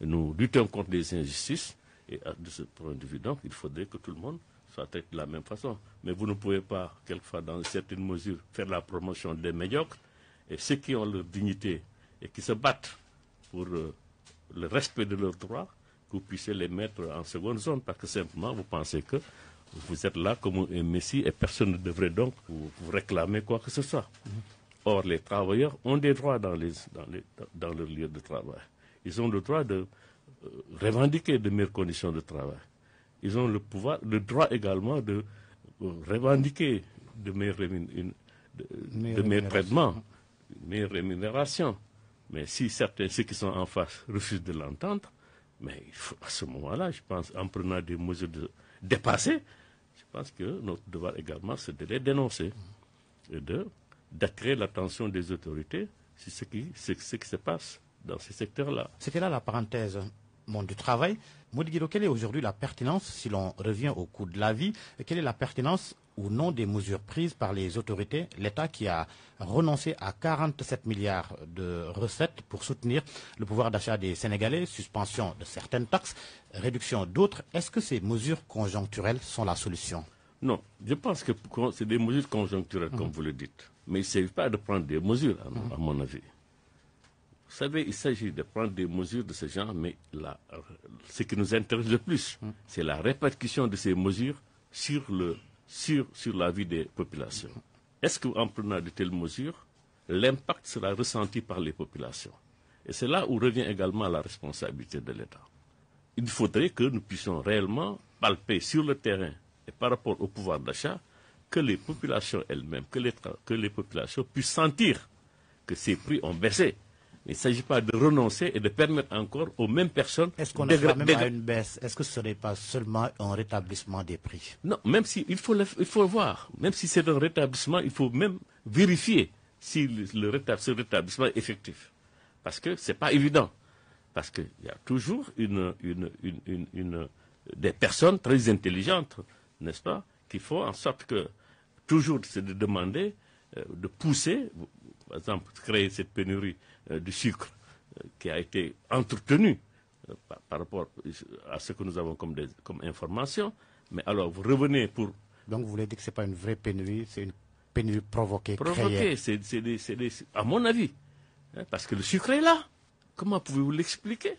nous luttons contre les injustices, et euh, de ce point de vue, donc, il faudrait que tout le monde soit traité de la même façon. Mais vous ne pouvez pas, quelquefois, dans certaine mesure, faire la promotion des médiocres et ceux qui ont leur dignité et qui se battent pour euh, le respect de leurs droits, que vous puissiez les mettre en seconde zone, parce que simplement, vous pensez que vous êtes là comme un messie et personne ne devrait donc vous, réclamer quoi que ce soit. Or, les travailleurs ont des droits dans, dans, dans leur lieu de travail. Ils ont le droit de revendiquer de meilleures conditions de travail. Ils ont le pouvoir, le droit également de euh, revendiquer de meilleurs, de, de meilleurs traitements, meilleures rémunérations. Mais si certains, ceux qui sont en face, refusent de l'entendre, mais à ce moment-là, je pense, en prenant des mesures de, dépassées, je pense que notre devoir également, c'est de les dénoncer et de d'attirer l'attention des autorités sur ce qui, ce qui se passe dans ces secteurs-là. C'était là la parenthèse monde du travail. Guido, quelle est aujourd'hui la pertinence, si l'on revient au coût de la vie, quelle est la pertinence ou non des mesures prises par les autorités, l'État qui a renoncé à 47 milliards de recettes pour soutenir le pouvoir d'achat des Sénégalais, suspension de certaines taxes, réduction d'autres. Est-ce que ces mesures conjoncturelles sont la solution Non, je pense que c'est des mesures conjoncturelles, comme mhm. vous le dites. Mais il ne s'agit pas de prendre des mesures, à mon avis. Vous savez, il s'agit de prendre des mesures de ce genre, mais ce qui nous intéresse le plus, hmm. c'est la répercussion de ces mesures sur, la vie des populations. Est-ce qu'en prenant de telles mesures, l'impact sera ressenti par les populations Et c'est là où revient également la responsabilité de l'État. Il faudrait que nous puissions réellement palper sur le terrain et par rapport au pouvoir d'achat que les populations elles-mêmes, que que les populations puissent sentir que ces prix ont baissé. Il ne s'agit pas de renoncer et de permettre encore aux mêmes personnes... Est-ce qu'on même à une baisse Est-ce que ce n'est pas seulement un rétablissement des prix Non, même si, il faut, il faut voir. Même si c'est un rétablissement, il faut même vérifier si ce rétablissement est effectif. Parce que ce n'est pas évident. Parce qu'il y a toujours une, des personnes très intelligentes, n'est-ce pas, qui font en sorte que toujours c'est de demander, euh, de pousser, par exemple, créer cette pénurie euh, du sucre euh, qui a été entretenu euh, par, rapport à ce que nous avons comme, comme information. Mais alors, vous revenez pour... Donc, vous voulez dire que ce n'est pas une vraie pénurie, c'est une pénurie provoquée, Provoquée, c'est, des... à mon avis. Hein, parce que le sucre est là. Comment pouvez-vous l'expliquer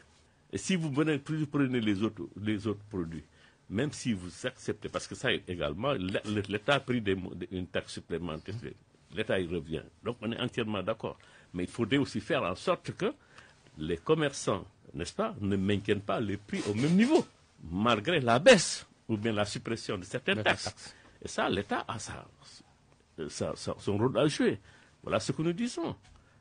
Et si vous prenez, prenez les, autres, les autres produits, même si vous acceptez, parce que ça également, l'État a pris une taxe supplémentaire, l'État y revient. Donc, on est entièrement d'accord. Mais il faudrait aussi faire en sorte que les commerçants, n'est-ce pas, ne maintiennent pas les prix au même niveau, malgré la baisse ou bien la suppression de certaines taxes. Et ça, l'État a son rôle à jouer. Voilà ce que nous disons.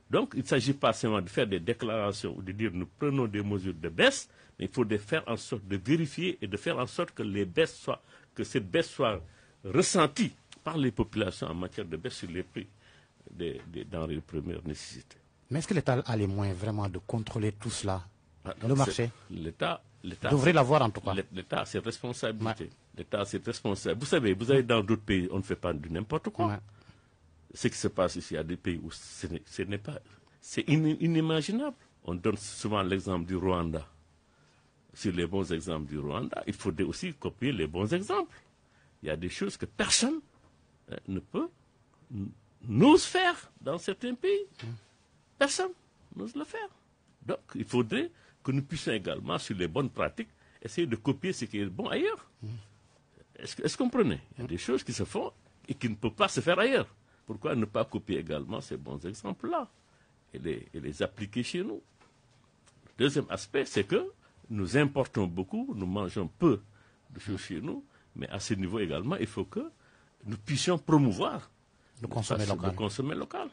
Donc, il ne s'agit pas seulement de faire des déclarations ou de dire nous prenons des mesures de baisse, mais il faut faire en sorte de vérifier et de faire en sorte que les baisses soient, que cette baisse soit ressentie par les populations en matière de baisse sur les prix dans les premières nécessités. Mais est-ce que l'État a les moyens vraiment de contrôler tout cela ah, dans le marché L'État devrait l'avoir en tout cas. L'État c'est responsabilité. L'État c'est responsable. Vous savez, vous allez dans d'autres pays, on ne fait pas du n'importe quoi. Ce qui se passe ici, il y a des pays où ce n'est pas... C'est inimaginable. On donne souvent l'exemple du Rwanda. Sur les bons exemples du Rwanda, il faudrait aussi copier les bons exemples. Il y a des choses que personne hein, ne peut nous faire dans certains pays. Personne n'ose le faire. Donc, il faudrait que nous puissions également, sur les bonnes pratiques, essayer de copier ce qui est bon ailleurs. Est-ce que vous comprenez Il y a des choses qui se font et qui ne peuvent pas se faire ailleurs. Pourquoi ne pas copier également ces bons exemples-là et les, appliquer chez nous Deuxième aspect, c'est que nous importons beaucoup, nous mangeons peu de choses chez nous, mais à ce niveau également, il faut que nous puissions promouvoir de consommer local.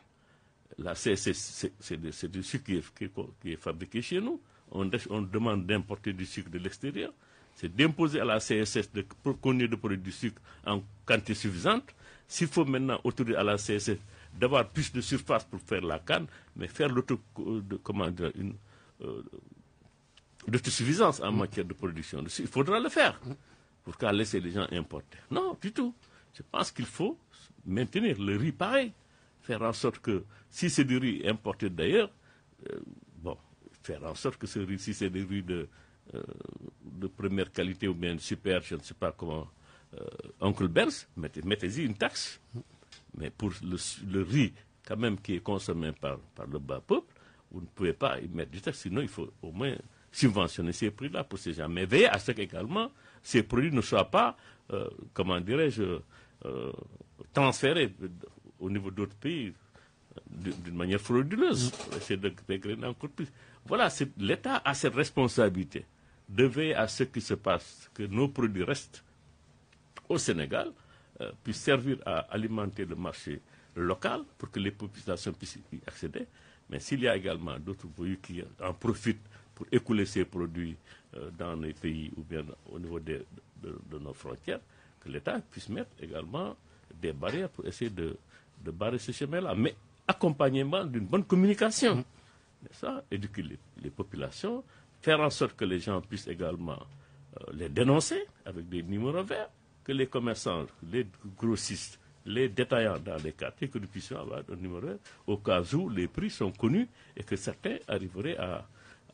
La CSS, c'est du sucre qui est, fabriqué chez nous. On, demande d'importer du sucre de l'extérieur. C'est d'imposer à la CSS de connu de produire du sucre en quantité suffisante. S'il faut maintenant autoriser à la CSS d'avoir plus de surface pour faire la canne, mais faire l'autosuffisance comment une, euh, en mm. matière de production il faudra le faire. Pourquoi laisser les gens importer Non, du tout. Je pense qu'il faut maintenir le riz pareil, faire en sorte que si c'est du riz importé d'ailleurs, euh, bon, faire en sorte que ce riz, si c'est du riz euh, de, première qualité ou bien super, je ne sais pas comment, euh, Oncle mettez-y une taxe. Mais pour le, riz, quand même, qui est consommé par, par le bas peuple, vous ne pouvez pas y mettre du taxe, sinon il faut au moins subventionner ces prix-là pour ces gens. Mais veillez à ce qu'également, ces produits ne soient pas, euh, comment dirais-je, euh, transférés au niveau d'autres pays d'une manière frauduleuse. C'est encore plus. Voilà, l'État a cette responsabilité de veiller à ce qui se passe, que nos produits restent au Sénégal, euh, puissent servir à alimenter le marché local pour que les populations puissent y accéder. Mais s'il y a également d'autres pays qui en profitent pour écouler ces produits euh, dans les pays ou bien au niveau de, nos frontières, que l'État puisse mettre également des barrières pour essayer de, barrer ce chemin-là, mais accompagnement d'une bonne communication. Mmh. Ça, éduquer les, populations, faire en sorte que les gens puissent également euh, les dénoncer avec des numéros verts, que les commerçants, les grossistes, les détaillants dans les quartiers, que nous puissions avoir un numéro vert, au cas où les prix sont connus et que certains arriveraient à,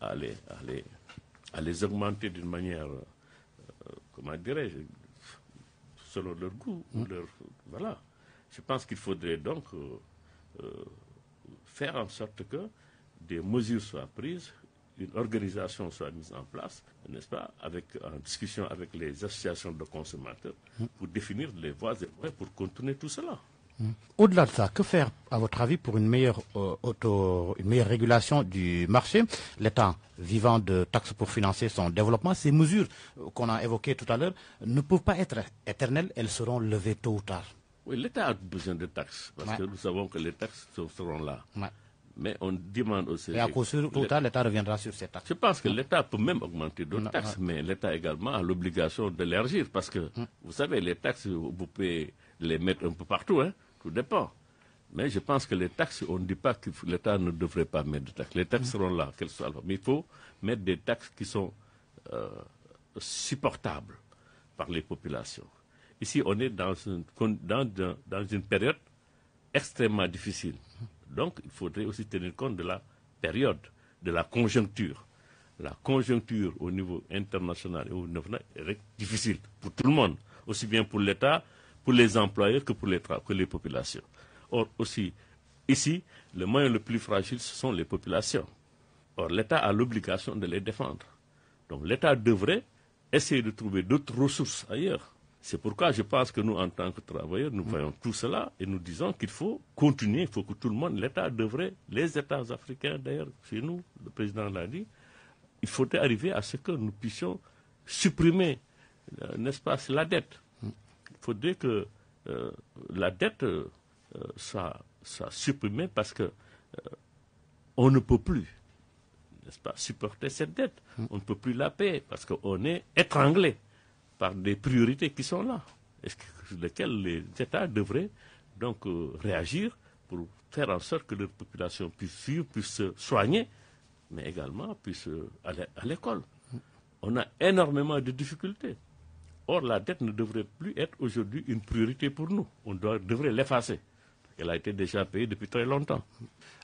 à les, augmenter d'une manière, euh, comment dirais-je, selon leur goût. Hmm. Leur, voilà. Je pense qu'il faudrait donc euh, euh, faire en sorte que des mesures soient prises, une organisation soit mise en place, n'est-ce pas, avec, en discussion avec les associations de consommateurs, hmm. pour définir les voies et pour contourner tout cela. Mm. Au-delà de ça, que faire, à votre avis, pour une meilleure, euh, auto, une meilleure régulation du marché L'État vivant de taxes pour financer son développement, ces mesures euh, qu'on a évoquées tout à l'heure ne peuvent pas être éternelles, elles seront levées tôt ou tard. Oui, l'État a besoin de taxes, parce que nous savons que les taxes seront là. Mais on demande aussi... Et à cause l'État reviendra sur ces taxes. Je pense que mm. l'État peut même augmenter d'autres mm. taxes, mais l'État également a l'obligation d'élargir, parce que, vous savez, les taxes, vous pouvez les mettre un peu partout, hein, tout dépend. Mais je pense que les taxes, on ne dit pas que l'État ne devrait pas mettre de taxes. Les taxes mmh. seront là, qu'elles soient là. Mais il faut mettre des taxes qui sont euh, supportables par les populations. Ici, on est dans une, dans une période extrêmement difficile. Donc, il faudrait aussi tenir compte de la période, de la conjoncture. La conjoncture au niveau international et est difficile pour tout le monde, aussi bien pour l'État pour les employeurs que pour les, que les populations. Or, aussi, ici, le moyen le plus fragile, ce sont les populations. Or, l'État a l'obligation de les défendre. Donc, l'État devrait essayer de trouver d'autres ressources ailleurs. C'est pourquoi je pense que nous, en tant que travailleurs, nous voyons tout cela et nous disons qu'il faut continuer, il faut que tout le monde, l'État devrait, les États africains d'ailleurs, chez nous, le président l'a dit, il faut arriver à ce que nous puissions supprimer, euh, n'est-ce pas, la dette. Faut Il dire que euh, la dette soit, euh, supprimée parce que euh, on ne peut plus, nest pas, supporter cette dette. Hum. On ne peut plus la payer parce qu'on est étranglé par des priorités qui sont là, et sur lesquelles les États devraient donc réagir pour faire en sorte que leur population puisse vivre, puisse se soigner, mais également puisse aller à l'école. Hum. On a énormément de difficultés. Or, la dette ne devrait plus être aujourd'hui une priorité pour nous. On devrait l'effacer. Elle a été déjà payée depuis très longtemps.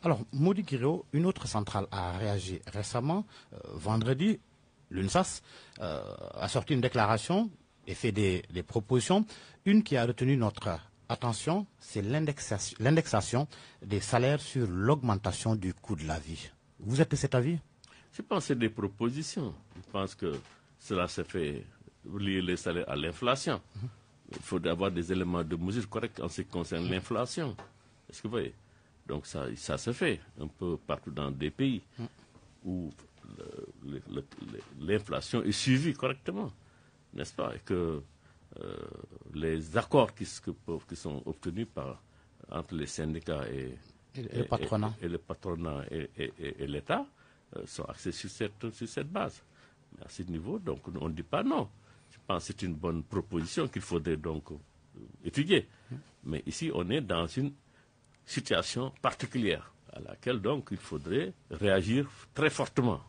Alors, Maudit Kireo, une autre centrale a réagi récemment. Euh, vendredi, l'UNSAS euh, a sorti une déclaration et fait des, propositions. Une qui a retenu notre attention, c'est l'indexation des salaires sur l'augmentation du coût de la vie. Vous êtes de cet avis Je pense que c'est des propositions. Je pense que cela s'est fait lier les salaires à l'inflation. Il faut avoir des éléments de mesure corrects en ce qui concerne l'inflation. Est-ce que vous voyez Donc ça, ça se fait un peu partout dans des pays où l'inflation est suivie correctement, n'est-ce pas Et que euh, les accords qui, sont obtenus par, entre les syndicats et, et, et le patronat et, l'État euh, sont axés sur cette, base. à ce niveau, donc, on ne dit pas non c'est une bonne proposition qu'il faudrait donc euh, étudier. Mais ici, on est dans une situation particulière à laquelle donc il faudrait réagir très fortement.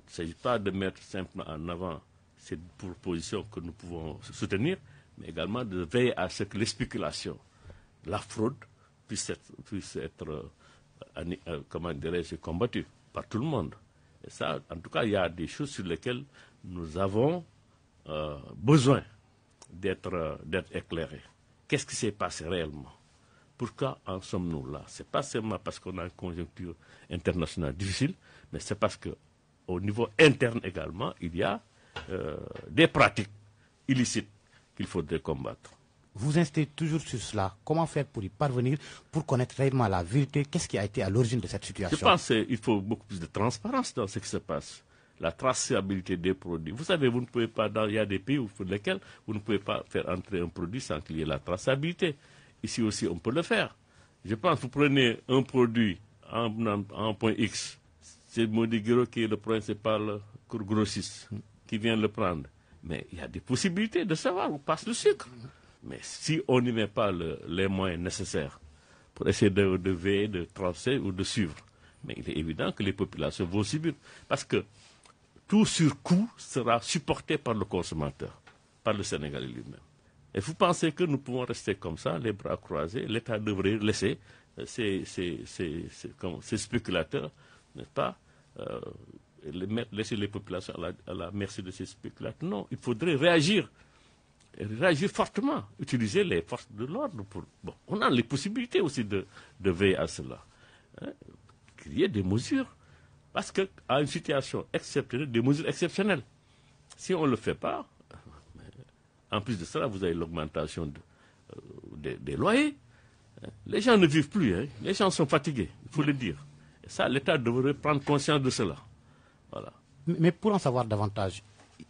Il ne s'agit pas de mettre simplement en avant cette proposition que nous pouvons soutenir, mais également de veiller à ce que les spéculations, la fraude, puissent être, puisse être euh, euh, comment combattues par tout le monde. Et ça, en tout cas, il y a des choses sur lesquelles nous avons euh, besoin euh, d'être éclairé. Qu'est-ce qui s'est passé réellement Pourquoi en sommes-nous là C'est pas seulement parce qu'on a une conjoncture internationale difficile, mais c'est parce qu'au niveau interne également, il y a euh, des pratiques illicites qu'il faudrait combattre. Vous insistez toujours sur cela. Comment faire pour y parvenir, pour connaître réellement la vérité Qu'est-ce qui a été à l'origine de cette situation Je pense qu'il faut beaucoup plus de transparence dans ce qui se passe la traçabilité des produits. Vous savez, vous ne pouvez pas, il y a des pays pour lesquels vous ne pouvez pas faire entrer un produit sans qu'il y ait la traçabilité. Ici aussi, on peut le faire. Je pense, vous prenez un produit en, point X, c'est moi qui est le principal grossiste qui vient le prendre. Mais il y a des possibilités de savoir où passe le sucre. Mais si on n'y met pas les moyens nécessaires pour essayer de, de veiller, de tracer ou de suivre, mais il est évident que les populations vont subir. Parce que tout surcoût sera supporté par le consommateur, par le Sénégalais lui-même. Et vous pensez que nous pouvons rester comme ça, les bras croisés L'État devrait laisser ces, euh, spéculateurs, n'est-ce pas euh, Laisser les populations à la, merci de ces spéculateurs. Non, il faudrait réagir, réagir fortement, utiliser les forces de l'ordre. Pour... on a les possibilités aussi de, veiller à cela. Hein. y Créer des mesures parce qu'à une situation exceptionnelle, des mesures exceptionnelles. Si on ne le fait pas, euh, en plus de cela, vous avez l'augmentation euh, des, loyers. Hein. Les gens ne vivent plus, hein. les gens sont fatigués, il faut le dire. Et ça, l'État devrait prendre conscience de cela. Voilà. Mais pour en savoir davantage,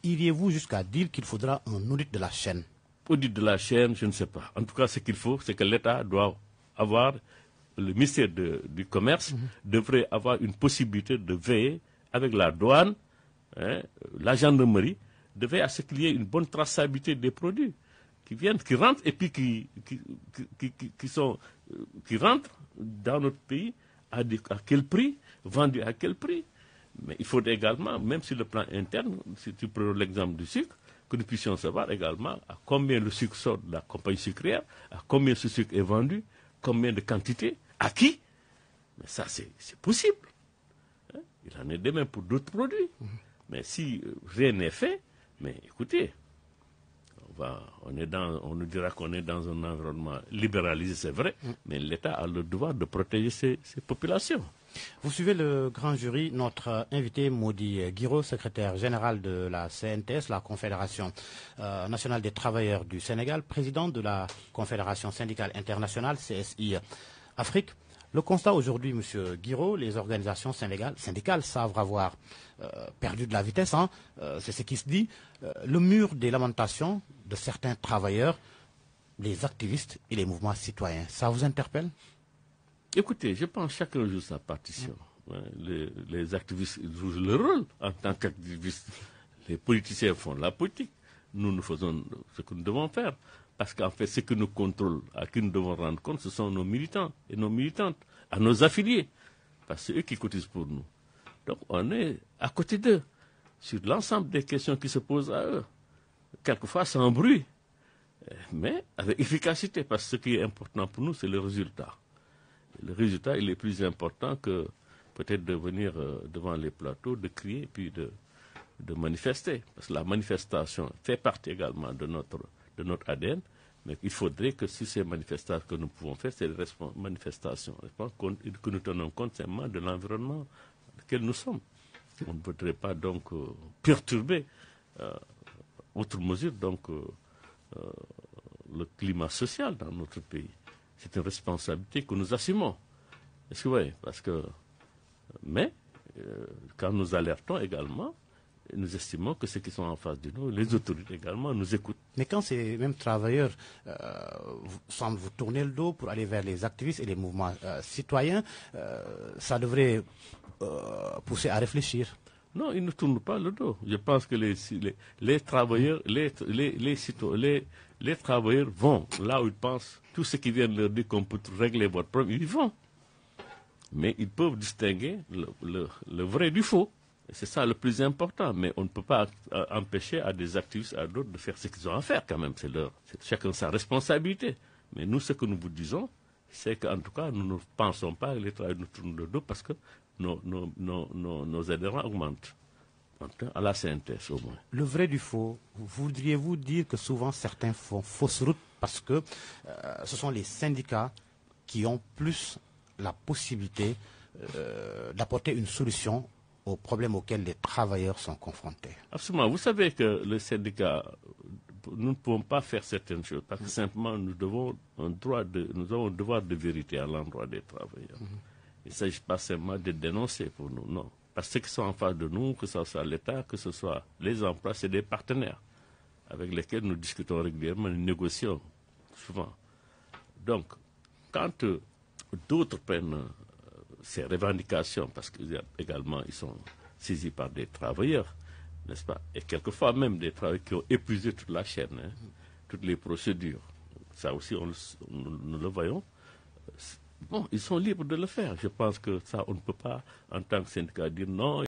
iriez-vous jusqu'à dire qu'il faudra un audit de la chaîne Audit de la chaîne, je ne sais pas. En tout cas, ce qu'il faut, c'est que l'État doit avoir le ministère du Commerce mhm. devrait avoir une possibilité de veiller avec la douane, hein, la gendarmerie, de veiller à ce qu'il y ait une bonne traçabilité des produits qui viennent, qui rentrent et puis qui, euh, rentrent dans notre pays à, quel prix, vendus à quel prix. Mais il faut également, même sur le plan interne, si tu prends l'exemple du sucre, que nous puissions savoir également à combien le sucre sort de la compagnie sucrière, à combien ce sucre est vendu, combien de quantités qui mais ça c'est possible. Hein? Il en est de même pour d'autres produits. Mais si euh, rien n'est fait, mais écoutez, on, est dans, on nous dira qu'on est dans un environnement libéralisé, c'est vrai, mm. mais l'État a le devoir de protéger ses, populations. Vous suivez le grand jury, notre invité Maudit Guiraud, secrétaire général de la CNTS, la Confédération euh, nationale des travailleurs du Sénégal, président de la Confédération syndicale internationale CSI. Afrique. Le constat aujourd'hui, Monsieur Guiraud, les organisations syndicales, savent avoir euh, perdu de la vitesse, hein. euh, c'est ce qui se dit. Euh, le mur des lamentations de certains travailleurs, les activistes et les mouvements citoyens, ça vous interpelle Écoutez, je pense chacun joue sa partition. Mm. Les, activistes jouent leur rôle en tant qu'activistes. Les politiciens font la politique. Nous, nous faisons ce que nous devons faire. Parce qu'en fait, ce que nous contrôlons, à qui nous devons rendre compte, ce sont nos militants et nos militantes, à nos affiliés, parce que c'est eux qui cotisent pour nous. Donc on est à côté d'eux, sur l'ensemble des questions qui se posent à eux. Quelquefois sans bruit, mais avec efficacité, parce que ce qui est important pour nous, c'est le résultat. Le résultat, il est plus important que peut-être de venir euh, devant les plateaux, de crier, puis de, de manifester. Parce que la manifestation fait partie également de notre de notre ADN, mais il faudrait que si ces manifestations que nous pouvons faire, ces manifestations, que nous tenons compte seulement de l'environnement dans lequel nous sommes. On ne voudrait pas donc euh, perturber, euh, autre mesure, donc euh, le climat social dans notre pays. C'est une responsabilité que nous assumons. Est-ce que vous voyez Parce que, mais, quand nous alertons également, nous estimons que ceux qui sont en face de nous, les autorités également, nous écoutent. Mais quand ces mêmes travailleurs euh, semblent vous tourner le dos pour aller vers les activistes et les mouvements euh, citoyens, euh, ça devrait pousser à réfléchir. Non, ils ne tournent pas le dos. Je pense que les, les, travailleurs, les, les, les, travailleurs vont là où ils pensent. Tous ceux qui viennent leur dire qu'on peut régler votre problème, ils vont. Mais ils peuvent distinguer le vrai du faux. C'est ça le plus important, mais on ne peut pas euh, empêcher à des activistes, à d'autres de faire ce qu'ils ont à faire quand même. C'est leur, chacun sa responsabilité. Mais nous, ce que nous vous disons, c'est qu'en tout cas, nous ne pensons pas que les travailleurs nous tournent le dos parce que nos, nos, nos, nos adhérents augmentent. À la synthèse, au moins. Le vrai du faux, voudriez-vous dire que souvent certains font fausse route parce que euh, ce sont les syndicats qui ont plus la possibilité euh, d'apporter une solution aux problèmes auxquels les travailleurs sont confrontés. Absolument. Vous savez que le syndicat, nous ne pouvons pas faire certaines choses parce que simplement nous, devons un droit de, nous avons un devoir de vérité à l'endroit des travailleurs. Il ne s'agit pas seulement de dénoncer pour nous, non. Parce que ceux qui sont en face de nous, que ce soit l'État, que ce soit les emplois, c'est des partenaires avec lesquels nous discutons régulièrement, nous négocions souvent. Donc, quand euh, d'autres prennent ces revendications, parce qu'également ils sont saisis par des travailleurs, n'est-ce pas Et quelquefois même des travailleurs qui ont épuisé toute la chaîne, hein, toutes les procédures. Ça aussi, on, nous le voyons. Bon, ils sont libres de le faire. Je pense que ça, on ne peut pas, en tant que syndicat, dire non.